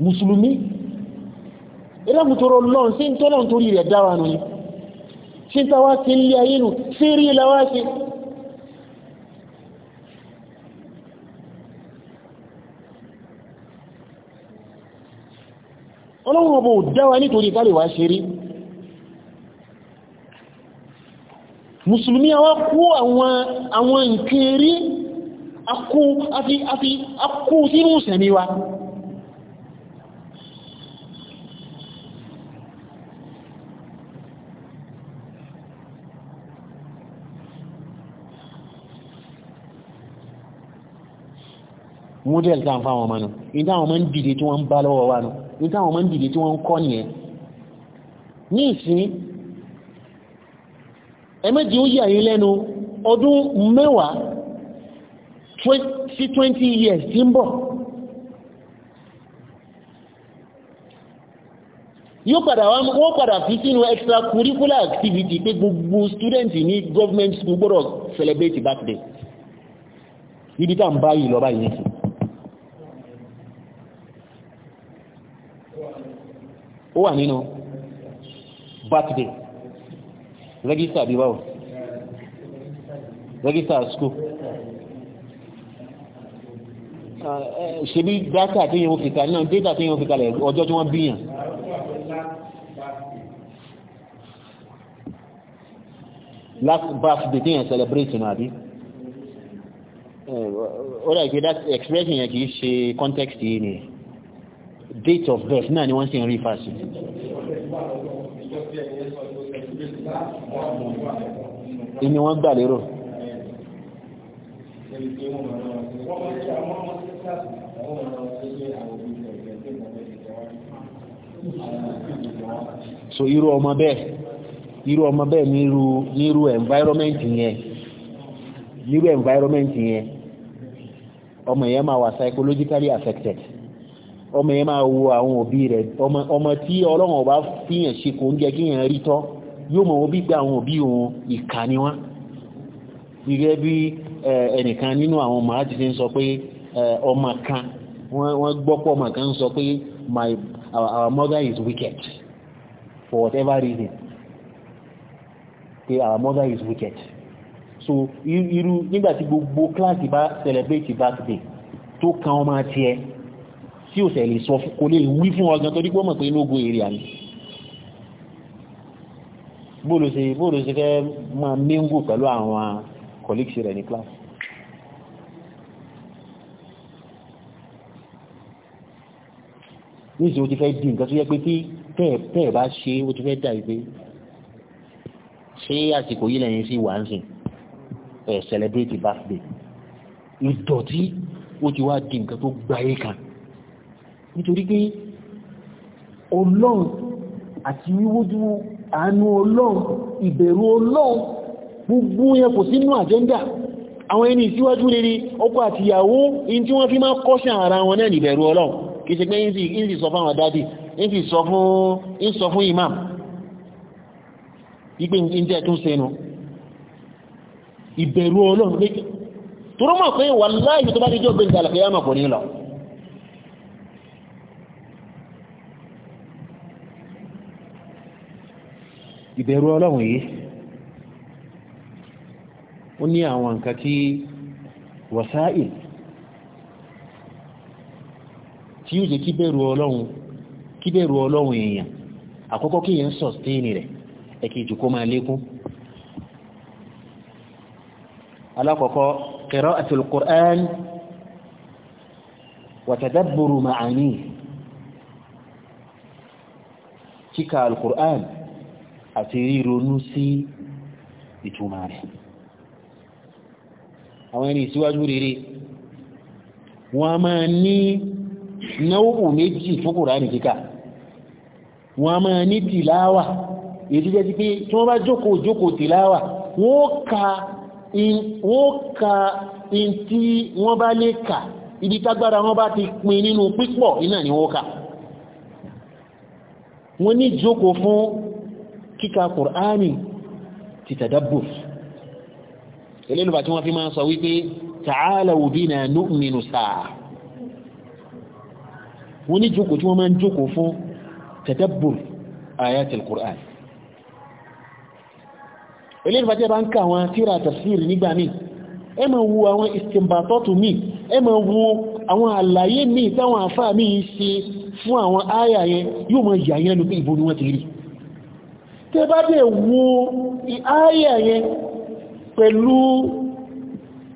mùsùlùmí ila mu toro lon sin to lon torí rẹ̀ dawa nu sin ta wa sin li ayinu siri la wa sin ọlọ́run ọbọ̀ dáwà nítorí ká lè wá ṣe rí mùsùlùmí àwọn kó àwọn nkiri akó sínú sẹ̀mí wa model ta fáwọn ọmọ náà ìdá àwọn ọmọ ń dìde tí wọ́n ń bá lọ́wọ́ wa náà ní táwọn ọmọ ń dìde tí wọ́n ń kọ́ nìyẹn ní ìsìn ẹ̀mẹ́jì ó yà yín lẹ́nu ọdún mẹ́wàá sí 20 years tí ń bọ̀ yóò padà wọ́n padà fi sínú extracurricular activity pé gbogbo student ní government school gbọ́dọ̀ celebrate birthday níbi tá ń báyìí lọ báyìí nìsìn ó wà nínú birthday register bí báwọ̀ register school uh, ṣe bí data tí yíò fi kalẹ̀ náà data tí yíò fi kalẹ̀ ọjọ́ tí wọ́n bíyàn last birthday tí yẹn celebrate náà bí uh, ó rẹ̀ kí that expression yẹn kìí ṣe context yìí nìyẹn date of birth náà ni wọ́n sì ń rí fásitì inú wọ́n so iru ọmọ bẹ́ẹ̀ irú ọmọ bẹ́ẹ̀ nírú nírú environment yẹn n'iru environment yẹn ọmọ yẹn máa wà psychologically affected ọmọ yẹn máa wo àwọn òbí rẹ̀ ọmọ tí ọlọ́run ọba fíyàn ṣe kò ń jẹ́ kí yẹn rí tọ́ yóò mọ̀ wọ́n bí gba àwọn òbí òun ìkà ni wọ́n gẹ́gẹ́ bí ẹnìkan nínú àwọn ọmọ láti fi ń sọ pé ọmọ kan wọ́n gbọ́pọ̀ ọmọ kan ń sọ pé my our mother is wicked for whatever reason pé our mother is wicked so irú nígbàtí gbogbo kíláàsì bá celebrate birthday tó kan ọmọ tiẹ̀ tí ò tẹ̀lé sọ kò lè wí fún ọgbọ́n torí pé ó mọ̀ pé inú ogun èrè àmì bóòlù sí bóòlù sí fẹ́ máa méngù pẹ̀lú àwọn colleagues rẹ̀ ní class níṣẹ́ ó ti fẹ́ di nǹkan tó yẹ pé tí tẹ́ẹ̀ bá ṣe ó ti fẹ́ dà yìí pé ṣé àsìkò yìí lẹ́yìn sí wà ń sìn ẹ̀ celebrate birthday ìdọ̀tí ó ti wá di nǹkan tó gbáyé kan nítorí pé ọlọ́run àti wíwójú àánú ọlọ́run ìbẹ̀rù ọlọ́run gbogbo yẹn kò sínú àjẹ́ndà àwọn ẹni ìsíwájú rere ọkọ àti ìyàwó in tí wọ́n fi máa kọ́ṣẹ́ ara wọn náà nìbẹ̀rù ọlọ́run kì í ṣe pé in sì sọ fún imam ìgbé ìjẹ́ tó sẹ́nu ìbẹ̀rù ọlọ́run tó rọ́mọ̀ pé wà láàyè tó bá ní jọ́ gbé ìbẹ̀rù ọlọ́run yìí ó ní àwọn nǹkan tí wọ̀sáì tí yóò jẹ́ kí bẹ̀rù ọlọ́run kí bẹ̀rù ọlọ́run èèyàn àkọ́kọ́ kí yẹn sọ̀stéènì rẹ̀ ẹ̀kejì kó máa lékún alákọ̀ọ́kọ́ qira'atul Qur'an wa tadabburu ma'ani kíkà al àti ríronú sí ìtumà rẹ̀ àwọn ẹni ìsíwájú rere wọ́n máa ní náwó méjì fún Kùránì kíkà wọ́n máa ní tìláwà èdè jẹ́ ti pé tí wọ́n bá jókòó jókòó tìláwà wọ́n ka in tí wọ́n bá lè kà ibi tágbára wọ́n bá ti pin nínú pípọ̀ iná ni wọ́n kà wọ́n ní jókòó fún kíkà kùránì ti tadabbur ilé-ìlú bá tí wọ́n fi máa sọ wípé ta'alaw bina nu'minu sa'a wọ́n ní jókòó tí wọ́n máa ń jókòó fún tadabbur ayatul kùránì ilé-ìlú bá tí wọ́n ká wọn tíra tafsir nígbà míì ẹ máa wo àwọn istinbatọ́tù míì ẹ máa wo àwọn àlàyé míì táwọn àfáà míì ṣe fún àwọn áyà yẹn yóò máa yà yẹn lópin ìbò ni ti rí tẹ́ bá dẹ̀ wo ààyà yẹn pẹ̀lú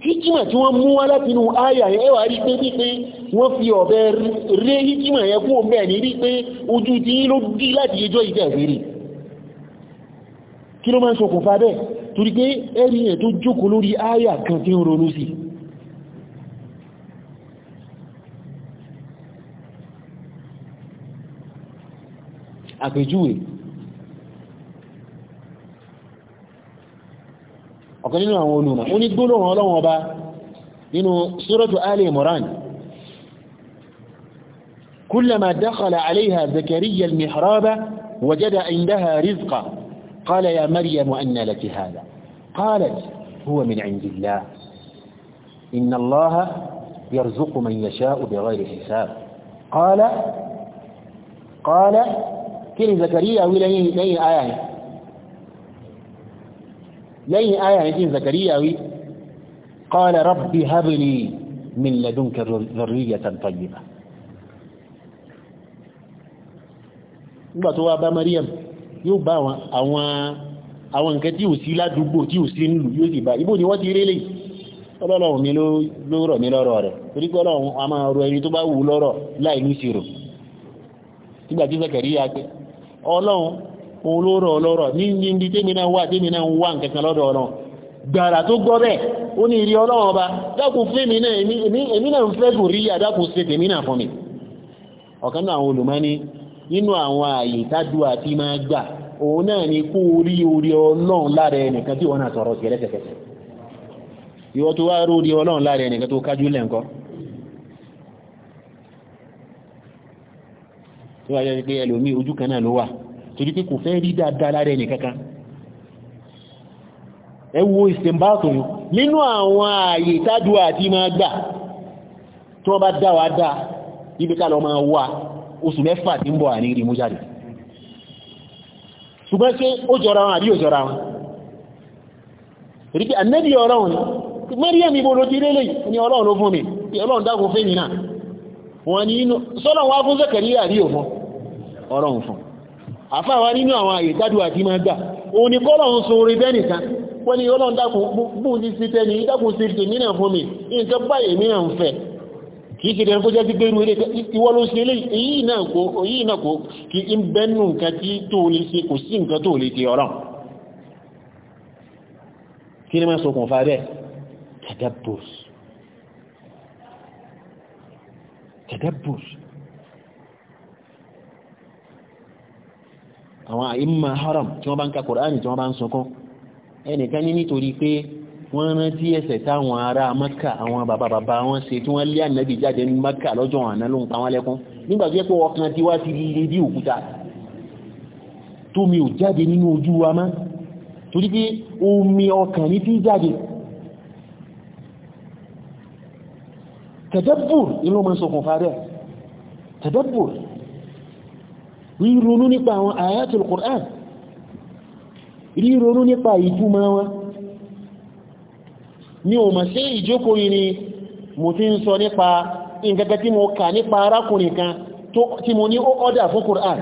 hikima tí wọ́n mú wá láti inú ààyà yẹn ẹwà rí pé wípé wọ́n fi ọ̀bẹ ré hikima yẹn kú ọmọ ẹ̀ ní rí pé ojú ti ló dí láti ẹjọ́ ìjẹ́ kí ló máa ń ṣokùnfà bẹ́ẹ̀ torí pé ẹ̀rí yẹn tó jókòó lórí ààyà kan tí ń ronú sí àpèjúwe ọ̀kan nínú àwọn olùmọ̀ ó ní gbólóhùn ọlọ́run ọba nínú suratu ali imran kullama dakhala alayha zakariya almihraba wajada indaha rizqa qala ya maryam anna laki hadha qalat huwa min indillah inna allaha yarzuqu man yasha'u bighayri hisab qala qala kí ni zakariya wí lẹ́yìn lẹ́yìn ayáyìn lẹ́yìn ayà ní tí zakariya wí qala rabbi habli min ladunka dhurriyatan tayyiba nígbà tó wá bá Maryam yóò bá àwọn àwọn nǹkan tí ò sí ládùúgbò tí ò sí nílùú yóò sì bá ibò ni wọ́n ti rélé ọlọ́run mi ló rọ̀ lọ́rọ̀ rẹ̀ olórọ̀ ọlọ́rọ̀ ní ní tèmi náà wà tèmi náà wà nǹkankan lọ́dọ̀ ọ̀nà gbàrà tó gbọ́ bẹ́ẹ̀ ó ní ìrí ọlọ́run ọba dákun fẹ́mi náà èmi náà ń fẹ́ kò rí àdákun ṣe tèmi fún mi ọ̀kan náà olùmọ́ni nínú àwọn ààyè tájú àti máa gbà òun náà ni kó orí orí ọlọ́run lára ẹnìkan tí wọ́n náà sọ̀rọ̀ sí ẹlẹ́sẹ̀kẹsẹ̀ ìwọ tó wá rórí ọlọ́run lára ẹnìkan tó torí pé kò fẹ́ rí dáadáa lára ẹni kankan ẹ wo ìsẹ̀mbáàtò nínú àwọn ààyè tádùá àti máa gbà tí wọ́n bá dá wa dá ibi ká lọ máa wá oṣù mẹ́fà tí ń bọ̀ àní rí mú jáde ṣùgbọ́n ṣé ó jọra wọn àbí ò jọra wọn rí pé ànẹ́bí ọ̀rọ̀ wọn àfáwà nínú àwọn àyè tádùwà tí máa gbà òun ni kọ́lọ̀un sun orí bẹ́nìkan wọ́n ni ọlọ́run dákun bùn ní sí tẹ́ni dákun sí ti mìíràn fún mi nǹkan báyìí mìíràn fẹ́ kì í ṣe dẹ̀rẹ̀ kó jẹ́ ti gbérú ti ọ̀rọ̀ kí ni máa ṣokùnfà àwọn àìmà haram tí wọ́n bá ń ka kòránì tí wọ́n bá ń sọkọ́ ẹnìkan ní nítorí pé wọ́n rántí ẹ̀ṣẹ̀ táwọn ará maka àwọn bàbá bàbá wọn ṣe tí wọ́n lé ànábì jáde ní maka lọ́jọ́ àná ló ń pa wọ́n lẹ́kún nígbà tó yẹ pé ọkàn tí wá ti lè bí tadabbur inú ma sọkùnfà rẹ̀ tadabbur ríronú nípa àwọn ayatul Qur'an ríronú nípa ìtumọ̀ wọn ni o ma ṣe ìjókòó ni mo ti ń sọ nípa ìgẹ́gẹ́ tí mo kà nípa arákùnrin kan tí mo ní ó ọ́dà fún Qur'an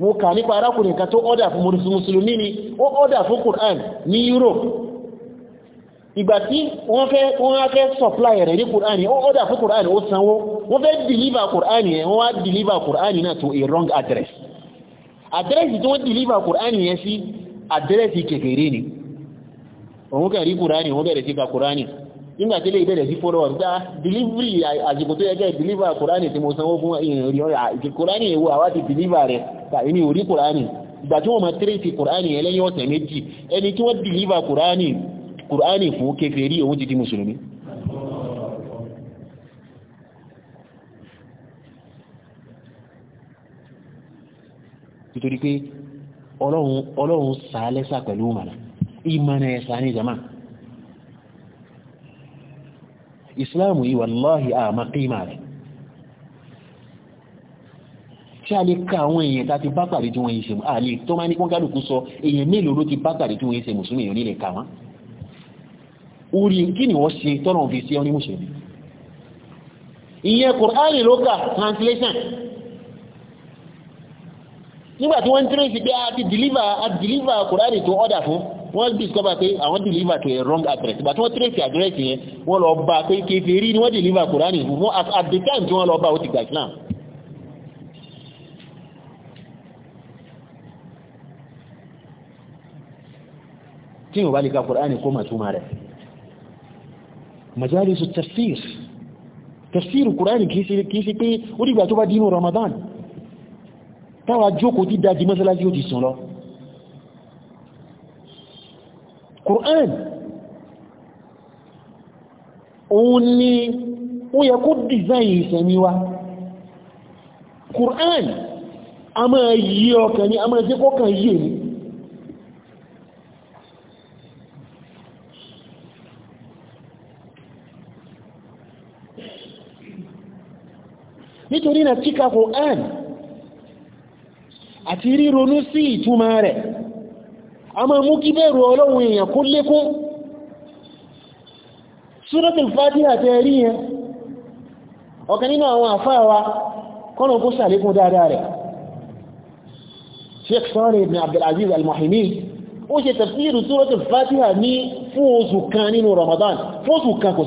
mo kà nípa arákùnrin kan tó ọ́dà fún mùsùlùmí ni ó ọ́dà fún Qur'an ní Europe ìgbà tí wọ́n fẹ́ wọ́n fẹ́ supply rẹ̀ ní kùránì ó order fún kùránì ó sanwó wọ́n fẹ́ deliver kùránì ẹ̀ wọ́n wá deliver kùránì náà to a wrong address address tí wọ́n deliver kùránì yẹn sí address kékeré ni òun kẹ̀rí kùránì wọ́n bẹ̀rẹ̀ sí ka kùránì nígbà tí lè bẹ̀rẹ̀ sí follow up dá delivery àsìkò tó yẹ kẹ́ deliver kùránì tí mo sanwó fún ìrìn kùránì èwo àwa ti deliver rẹ̀ ta èmi ò rí kùránì ìgbà tí wọ́n máa tírèsì kùránì ẹlẹ́yìn deliver kùránì kùránì fún kèfèrí òun ti di mùsùlùmí nítorí pé ọlọ́run sàálẹ́sà pẹ̀lú mànà ìmànà ẹ̀sà ní jama ìsìláàmù yìí wàláhì àmà kíìmà rẹ̀ tí a lè ka àwọn èèyàn tàbí bátàrí tí wọ́n àlè tó ní sọ èèyàn mélòó ló ti bátàrí tí wọ́n mùsùlùmí nílẹ̀ orí kí ni wọ́n ṣe tọ́nà fi sí ọ́ní mùsùlùmí ìyẹn kùránì ló kà translation nígbàtí wọ́n tẹ́rẹ̀ sí pé a ti deliver a deliver kùránì tó order fún wọ́n discover pé àwọn deliver to a wrong address but wọ́n tẹ́rẹ̀ sí address yẹn wọ́n lọ bá pé kèfèrí ni wọ́n deliver kùránì fún fún at the time tí wọ́n lọ bá ó ti gbà Islam tí wọ́n bá lè ka kùránì kó mà túmọ̀ rẹ̀ majalisu tafsir tafsir kùránì kìí ṣe pé ó dìgbà tó bá dínú ramadan táwa jókòó ti dájí mọ́sálásí ó ti sùn lọ kùrán òun ni ó yẹ kó dìzáyì ìsẹ̀mí wa kùrán a máa yí ọkàn ni a máa jẹ́ kọ́kàn yí èmi nítorí náà kíkà Qur'an àti ríronú sí ìtumọ̀ rẹ̀ a máa mú kí bẹ̀rù Ọlọ́run èèyàn kó lékún Suratul Fatiha àti ẹ̀rí yẹn ọ̀kan nínú àwọn àfáàwa kọ́nà kó sàlékún dáadáa rẹ̀ Sheikh Sani ibn Abdulaziz al-Muhimi ó ṣe tafsiru Suratul Fatiha ní fún oṣù kan nínú Ramadan fún oṣù kan kò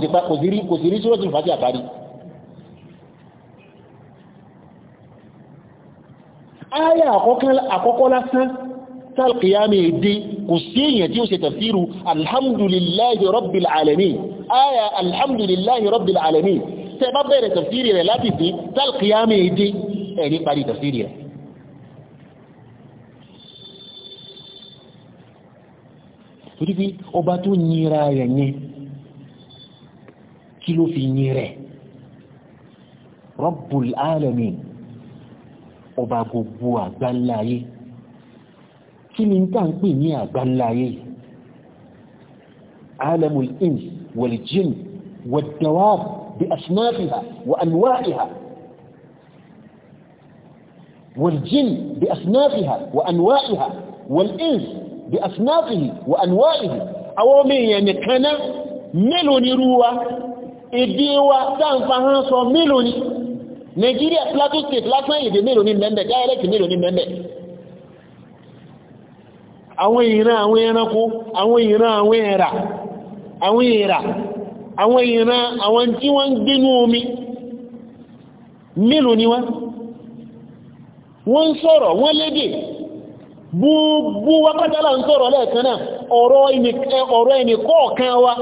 sí rí Suratul Fatiha parí áyà àkọ́kọ́ lásán tàlkìyàmì èdè kò sí èyàn tí ó ṣe tafsiru alhamdulillahi rabbil alamin áyà alhamdulillahi rabbil alamin tẹ bá bẹ̀rẹ̀ tafsiri rẹ̀ láti fi tàlkìyàmì èdè ẹ̀rí parí tafsiri rẹ̀ torí pé ọba tó nyira rẹ̀ yẹn kí ló fi nyira rabbil alamin ọba gbogbo àgbáńlá ayé kí ni tá ń pè ní àgbáńlá ayé alamul ins wal jinn wad dawab bi asnafiha wa anwa'iha wal jinn bi asnafiha wa anwa'iha wal ins bi asnafihi wa anwa'ihi àwọn mi yan kana mélòó ruwa èdè wa tá sọ mélòó Nigeria Plateau State lásán èdè mélòó ní mẹ́mbẹ̀ dáyẹ́lẹ́tì mélòó ní mẹ́mbẹ̀ àwọn ìran àwọn ẹranko àwọn ìran àwọn ẹ̀rà àwọn ìrà àwọn ìran àwọn tí wọ́n ń gbénú omi mélòó ni wọ́n wọ́n ń sọ̀rọ̀ wọ́n lédè gbogbo wákàtàlà ń sọ̀rọ̀ lẹ́ẹ̀kan náà ọ̀rọ̀ ẹni kọ̀ọ̀kan wa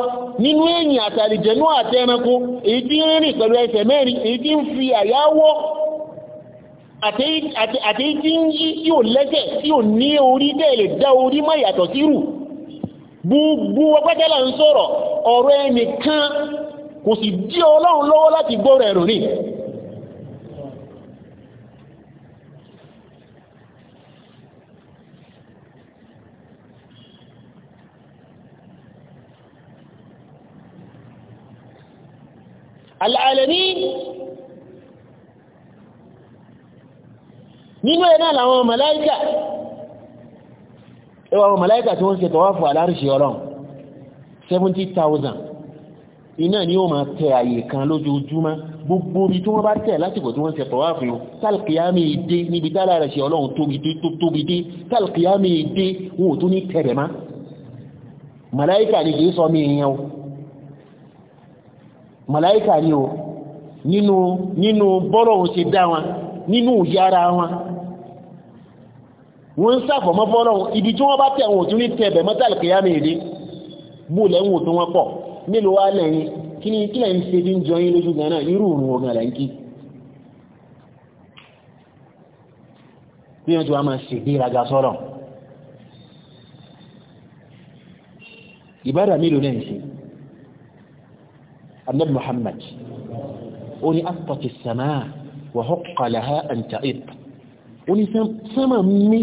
nínú èyìn àtàlìjẹ̀nú àti ẹranko èyí tí ń rìn pẹ̀lú ẹsẹ̀ mẹ́rin èyí tí ń fi àyáwọ́ àti tí ń yí tí ò lẹ́sẹ̀ tí ò ní orí tẹ́lẹ̀ dá orí má yàtọ̀ gbogbo ń sọ̀rọ̀ العالمين nínú ẹ̀nà àwọn màláíkà ẹwà àwọn màláíkà tí wọ́n ṣe tọ́wọ́ fún aláàrìṣẹ́ ọlọ́run 70,000 iná ni ó máa tẹ àyè kan lójoojúmọ́ gbogbo orí tí wọ́n bá tẹ̀ lásìkò tí wọ́n ṣe tọ́wọ́ fún tàlkìyàmì ìdé níbi tàlàrìṣẹ́ màláíkà ni o nínú nínú bọ́rọ̀ òun ṣe dá wọn nínú yára wọn wọ́n ń sàfọ̀mọ́ bọ́rọ̀ òun ibi tí wọ́n bá tẹ̀ wọn òtún ní tẹ̀bẹ̀ mọ́tàlùkìyà mèrè bó lẹ́wọ̀n tó wọ́n pọ̀ mélòó wá lẹ́yìn kí ni kí lẹ́yìn ṣe bí ń jọyín lójú gánà irú òun ọ̀gá lẹ́yìn anabi محمد، ó ní asọ̀tì sàmà wà hókàlà ha àǹtà ìp مي مي sàmà mí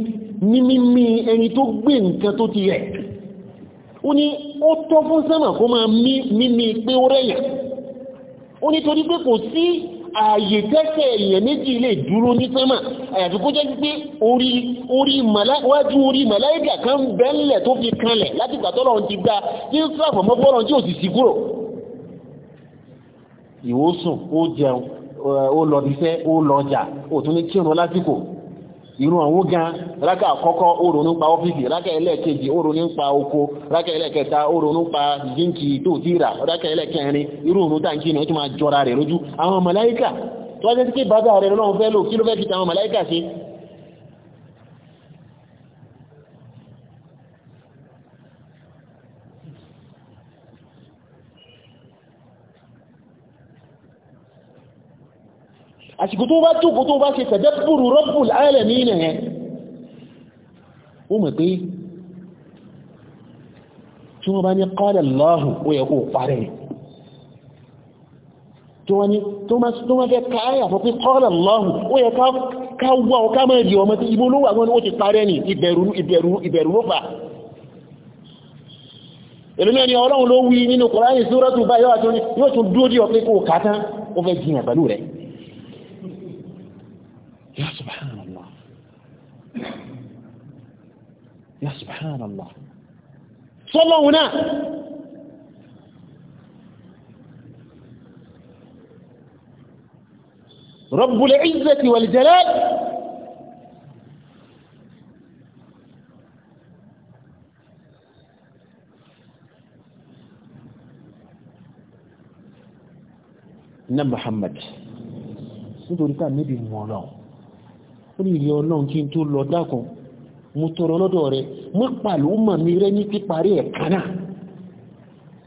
ní mímí ẹni tó gbé nǹkan tó ti rẹ̀ ó ní ó tọ́ fún sàmà kó máa mímí pé ó rẹ̀yà ó ní torí pé kò sí ààyè tẹ́sẹ̀ èèyàn méjì lè dúró ní sánmà àyàfi kó jẹ́ pé wájú orí màláìkà kan bẹ́ẹ̀lẹ̀ tó fi kanlẹ̀ láti gbàtọ́lọ̀ ti gba tí ń sáfọ̀mọ́bọ́rọ̀ tí ò sì sí kúrò ìwọ sùn ó jẹun ó lọ bíṣẹ́ ó lọ jà ó tún ní kírun lásìkò irun àwọn gan rákà àkọ́kọ́ ó ronú pa ọ́fíìsì rákà ẹlẹ́ẹ̀kejì ó ronú pa oko rákà ẹlẹ́ẹ̀kẹta ó ronú pa jíǹkì tó ti rà rákà ẹlẹ́ẹ̀kẹrin irú òun táǹkì náà tó máa jọra rẹ̀ lójú àwọn màláíkà tó wájẹ́ sí pé bàbá rẹ̀ lọ́wọ́ fẹ́ lò kí ló fẹ́ fi tàwọn màláíkà sí àsìkò tó bá jókòó tó bá ṣe tadabburu Rabbul alamin nìyẹn ó mọ̀ pé tí wọ́n bá ní qala Allahu ó yẹ kó parẹ́ tó wọ́n ní tó máa fẹ́ káyà fọ́ pé qala Allahu ó yẹ ká wà ọ ká mẹ́rin ọmọ tí ibo ló ó ti parẹ́ ní ìbẹ̀rù ló fà يا سبحان الله يا سبحان الله صلوا هنا رب العزة والجلال نبي محمد nítorí ká níbi oníire ọlọ́run kí n tó lọ dákan mo tọrọ lọ́dọ̀ rẹ mo pàlú mọ̀ mi rẹ ní píparí ẹ̀ kaná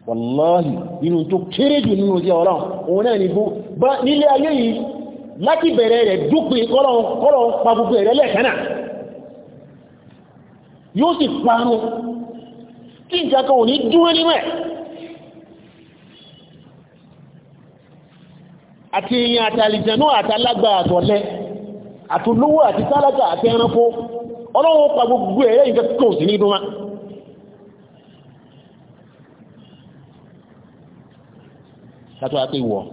wàláhì nínú tó kéré jù nínú sí ọlọ́run òun náà ní bá nílé ayé yìí láti bẹ̀rẹ̀ rẹ̀ dúpin kọ́lọ̀n pa gbogbo ẹ̀rẹ́ lẹ́ẹ̀kaná yóò sì parun kí n kankan ò ní dúró nínú ẹ̀ àti ìyìn àtàlìjẹ̀nú àtàlágbà àtọ̀lẹ́ àtolówó àti tálákà àti ẹranko ọlọ́wọ́ pa gbogbo ẹ̀rẹ́ ìfẹ́ kò sí ní ìdúnmá látọ́ àti ìwọ̀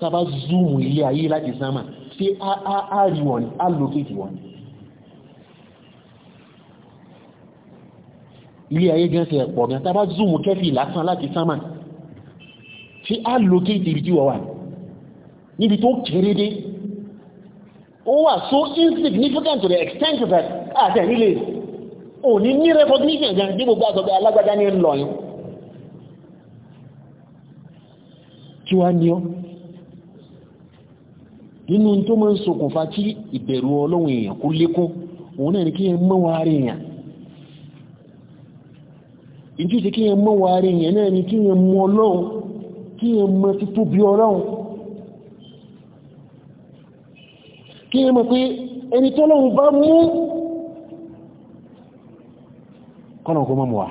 tàbá zoom ilé ayé láti sáàmà tí a rí wọn a locate wọn ilé ayé gan ṣe ẹ̀pọ̀ gan tàbá zoom kẹfì lásán láti sáàmà tí a locate ibi tí wọ́n wà ní níbi tó kéré dé ó wà so insignificant to the extent that àti ẹ̀rí lè ò ní ní recognition gan bí gbogbo àtọ́gbẹ́ alágbádá ní lọ́yìn kí wá ní ọ́ nínú tó mọ́ ń ṣokùnfà kí ìbẹ̀rù ọlọ́run èèyàn kó lékún òun náà ni kí ẹ mọ́ èèyàn ìjú kí ẹ mọ́ èèyàn náà ni kí ẹ mọ́ ọlọ́run kí ẹ mọ́ títóbi ọlọ́run kí mọ̀ pé ẹni tó lọ́wọ́ bá mú kọ́nà kó mọ́mọ̀ wà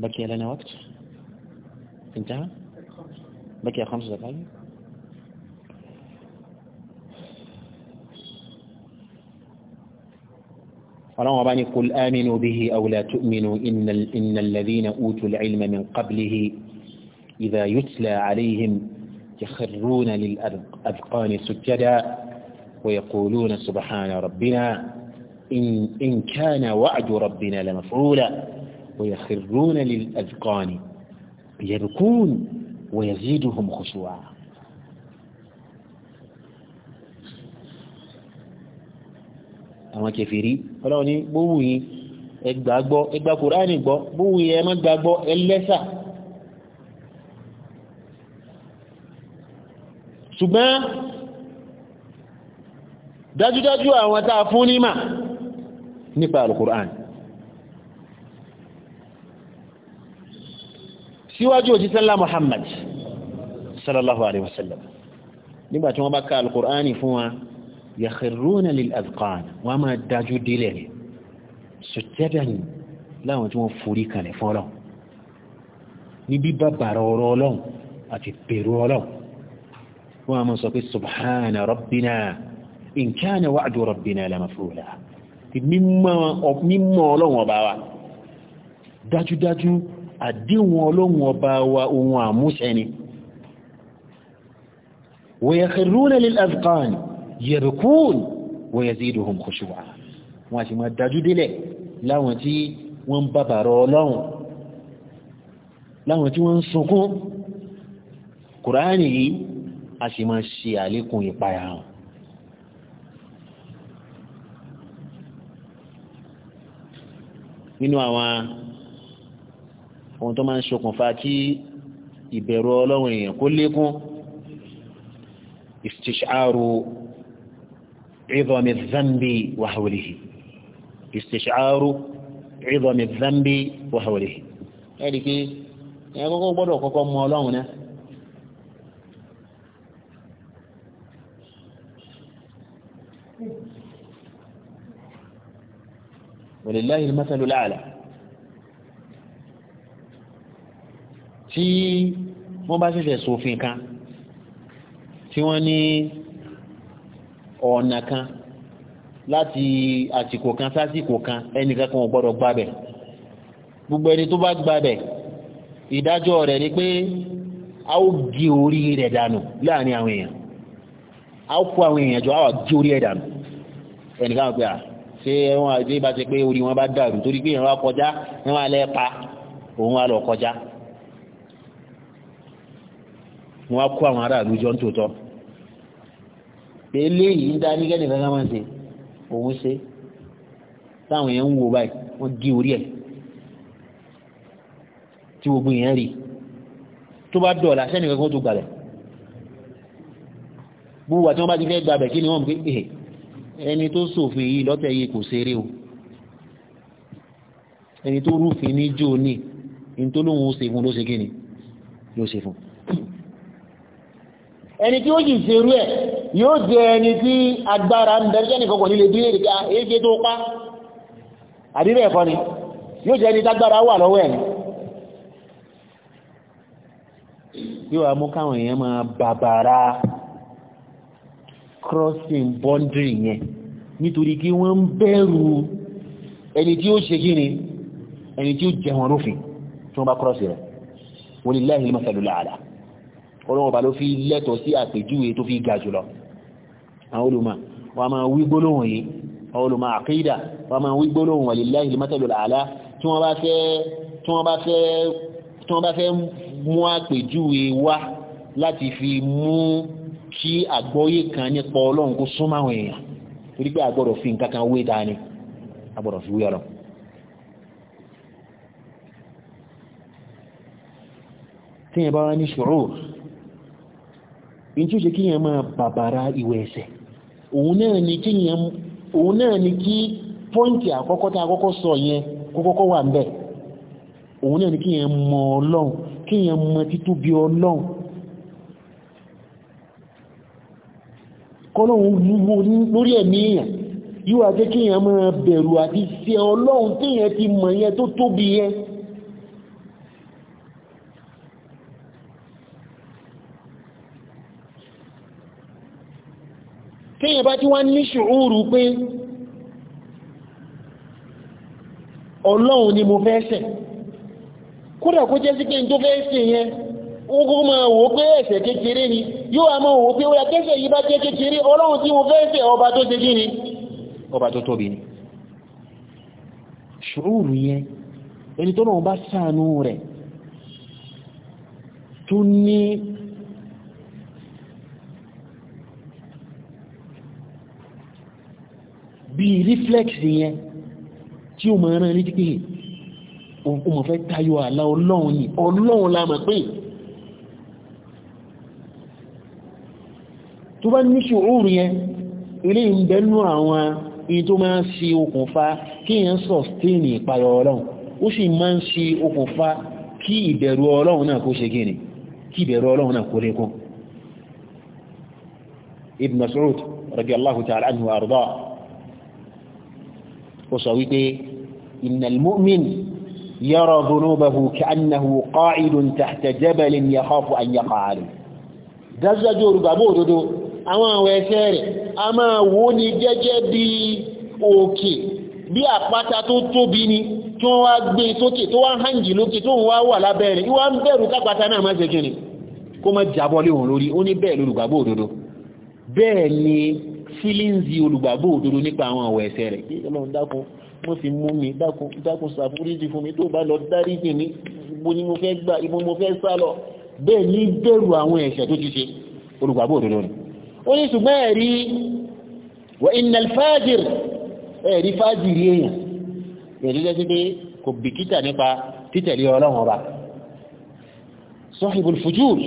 bakí ẹlẹ́ni wọ́t ìjá bakí ẹkọ́nsù zakari فلما بني قل آمنوا به أو لا تؤمنوا إن, إن الذين أوتوا العلم من قبله إذا يتلى عليهم يخرون للأذقان سجدا ويقولون سبحان ربنا إن, إن كان وعد ربنا لمفعولا ويخرون للأذقان يبكون ويزيدهم خشوعا àwọn kẹfìrí ọlọ́run ní gbówù yín ẹgbàgbọ́ ẹgbàkùránì gbọ́ gbówù yín ẹ má gbàgbọ́ ẹlẹ́sà ṣùgbọ́n dájúdájú àwọn tá a fún nímà nípa alukur'an síwájú òjísánlá muhammad sallallahu alaihi wasallam nígbàtí wọ́n bá ka alukur'ani fún wa yakhruna lil azqan wọ́n máa dájú délẹ̀ rẹ̀ sujjadan láwọn tí wọ́n forí kalẹ̀ fọ́lọ́ ní bíbá bàrọ̀ ọlọ́run àti pèrò ọlọ́run wọ́n a mọ́ sọ pé subhana rabbina in kana wa'du rabbina la maf'ula mímọ́ ọlọ́run ọba wa dájúdájú àdéhùn ọlọ́run ọba wa ohun àmúṣẹ ni wa yakhruna lil azqan yabkun wa yaziduhum a sì máa ṣe àlékún ìpayà hàn. nínú àwọn ohun tó máa ń ṣokùnfà kí ìbẹ̀rù ọlọ́run èèyàn kó lékún istishaaru idọmi zambi wahawulihi istishaaru idọmi zambi wahawulihi ẹ̀rí ẹ̀kọ́kọ́ gbọ́dọ̀ kọ́kọ́ mọ ọlọ́run náà walillahi al-mathalu al-a'la tí wọ́n bá ṣẹ̀ṣẹ̀ sófin kan tí wọ́n ní ọ̀nà kan láti àsìkò kan sásìkò kan ẹnìkan kan ò gbọ́dọ̀ gbàbẹ̀ gbogbo ẹni tó bá gbàbẹ̀ ìdájọ́ rẹ̀ ni pé a ó gé orí rẹ̀ dànù láàrin àwọn èèyàn a ó kó àwọn èèyàn jọ a ó gé orí rẹ̀ dànù ẹnìkan pé à ṣé wọn àti bá ṣe pé orí wọn bá dàrú torí pé ìrànwá kọjá wọn alẹ́ pa òun wa lọ kọjá wọn á kó àwọn aráàlú jọ ń tòótọ́ eléyìí ń dání kẹ́ni kankan máa ń ṣe òun ṣe táwọn èèyàn ń wo báyìí wọ́n gé orí ẹ̀ tí gbogbo èèyàn rí tó bá dọ̀ọ̀la sẹ́ni kankan tó gbalẹ̀ gbogbo àti wọn bá ti fẹ́ gbabẹ̀ kí ni wọ́n mú pé ẹni tó ṣòfin yìí lọ́tẹ̀ yìí kò ṣeré o ẹni tó rúfin ní jò ní ní tó lóun ó ṣe fún ló ṣe kíni ló ṣe fún ẹni tí ó yìí ṣerú ẹ̀ yóò jẹ ẹni tí agbára ń bẹ̀rẹ̀ jẹ́ nìkan kò nílé bí ah, èrè ẹ́gbẹ́ tó pa àdírẹ̀ ẹ̀kọ́ ni yóò jẹ ẹni tágbára wà lọ́wọ́ ẹ̀ yóò wá káwọn èèyàn máa bàbàrà crossing boundary yẹn nítorí kí wọ́n ń bẹ̀rù ẹni tí ó ṣe gíní ẹni tí ó jẹun rúfin tí wọ́n bá cross rẹ̀ walillahi al-masalul a'la ọlọ́wọ́ bá ló fi lẹ́tọ̀ sí àpèjúwe tó fi ga jùlọ àwọn olùmọ̀ wọ́n máa wí gbólóhùn yìí àwọn olùmọ̀ àkídà wọ́n máa wí gbólóhùn walillahi al-masalul a'la tí wọ́n bá fẹ́ mú àpèjúwe wá láti fi mú kí àgbọ́yé kan nípa ọlọ́run kó súnmọ́ àwọn èèyàn torí pé àgbọ́dọ̀ fi nǹkan kan wé ta ni àgbọ́dọ̀ fi wé ọlọ́run. téèyàn bá wá ní ṣòro ní tí ó ṣe kéèyàn máa bàbàrà ìwẹ̀ ẹ̀ṣẹ̀ òun náà ni kéèyàn kí pọ́ǹtì àkọ́kọ́ tá a kọ́kọ́ sọ yẹn kó kọ́kọ́ wà ń bẹ̀ òun náà ni kéèyàn mọ ọlọ́run kéèyàn mọ títóbi ọlọ́run kọ́lọ́hun mú lórí ẹ̀mí èèyàn yíò àjẹ́ kí èèyàn máa bẹ̀rù àti ṣe ọlọ́run tí èèyàn ti mọ̀ yẹn tó tóbi yẹn tí èèyàn bá tí wá ní ṣùúrù pé ọlọ́run ni mo fẹ́ ṣẹ̀ kódà kó jẹ́ sí pé n tó fẹ́ ṣe yẹn ó máa wò pé ẹ̀ṣẹ̀ kékeré ni yóò a máa wò pé ó yà kẹ́ṣẹ̀ yìí bá jẹ́ kékeré ọlọ́run tí mo fẹ́ ṣẹ̀ ọba tó ṣe gíní ọba tó tóbi ni ṣùúrù yẹn ẹni tó náà bá ṣàánú rẹ̀ tó ní bí reflex yẹn tí ó máa rán ní pé o mọ̀ fẹ́ tayọ àlá ọlọ́run ni ọlọ́run la mọ̀ pé tó bá ní ṣòro yẹn ilé ìbẹ̀nú àwọn èyí tó máa ń ṣe okùnfà kí èyàn sustain ìpayọ̀ ọlọ́run ó sì máa ń ṣe okùnfà kí ìbẹ̀rù ọlọ́run náà kó ṣe gẹ́ni kí ìbẹ̀rù ọlọ́run náà kó lékún ibn Mas'ud radiyallahu ta'ala anhu arda ó sọ wípé innal mu'min yara dhunubahu ka'annahu qa'idun tahta jabalin yakhafu àwọn àwọ̀ ẹ̀ṣẹ̀ rẹ̀ a máa wò ní gẹ́gẹ́ bí òkè bí àpáta tó tóbi ni tí wọ́n wá gbé e sókè tó wá hànjì lókè tó wá wà lábẹ́rẹ̀ ìwá ń bẹ̀rù kápáta náà má ṣe kìnnì kó má jábọ́ lé òun lórí ó ní bẹ́ẹ̀ lólùgbàgbọ́ òdodo bẹ́ẹ̀ ni fílíǹsì olùgbàgbọ́ òdodo nípa àwọn àwọ̀ ẹ̀ṣẹ̀ rẹ̀ kí ọlọ́run dákun wọ́n fi mú mi dákun dákun ṣàforíjì fún mi tó bá lọ dáríjì mi ibo ni mo fẹ́ gbà ibo mo fẹ́ sá lọ bẹ́ẹ̀ ni bẹ̀rù àwọn ẹ̀ṣẹ̀ tó ti ṣe olùgbàgbọ́ òdodo ni ó ní ṣùgbọ́n ẹ̀rí wà iná fàájìr ẹ̀rí fàájìrì èèyàn ẹ̀rí lẹ́sí pé kò bìkítà nípa títẹ̀lé ọlọ́run ọba sọ́hìbùl fujúr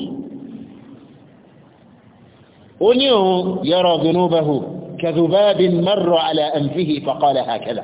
ó ní òun yọrọ̀ zunubahu kẹzùbábin marra ala anfihi faqala hakala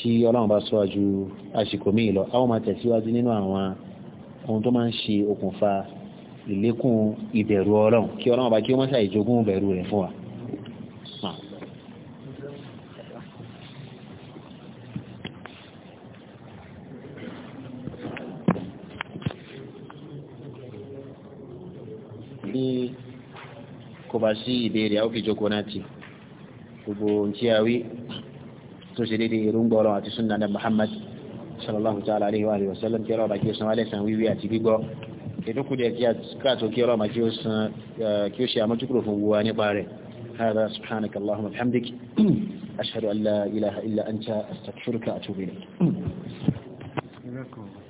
tí ọlọ́run bá sọ́wájú àsìkò míì lọ a ó máa tẹ̀síwájú nínú àwọn ohun tó máa ń ṣe okùnfà ìlékún ìbẹ̀rù ọlọ́run kí ọlọ́run bá kí ó mọ́sà ìjogún ìbẹ̀rù rẹ̀ fún wa. bí kò bá sí ìbéèrè a ó fi jókòó náà tì gbogbo ohun tí a wí tó ṣe déédéé èròǹgbà ọlọ́run àti sunna nabi Muhammad sallallahu ta'ala alayhi wa alihi wa sallam kí ọlọ́run bá kí ó san wálé san wíwí àti gbígbọ́ ìdókù dẹ̀ kí a káàtó kí ọlọ́run bá kí ó san kí ó ṣe àmójúkúrò fún wa nípa rẹ̀ هذا سبحانك اللهم وبحمدك أشهد أن لا إله إلا أنت أستغفرك وأتوب إليك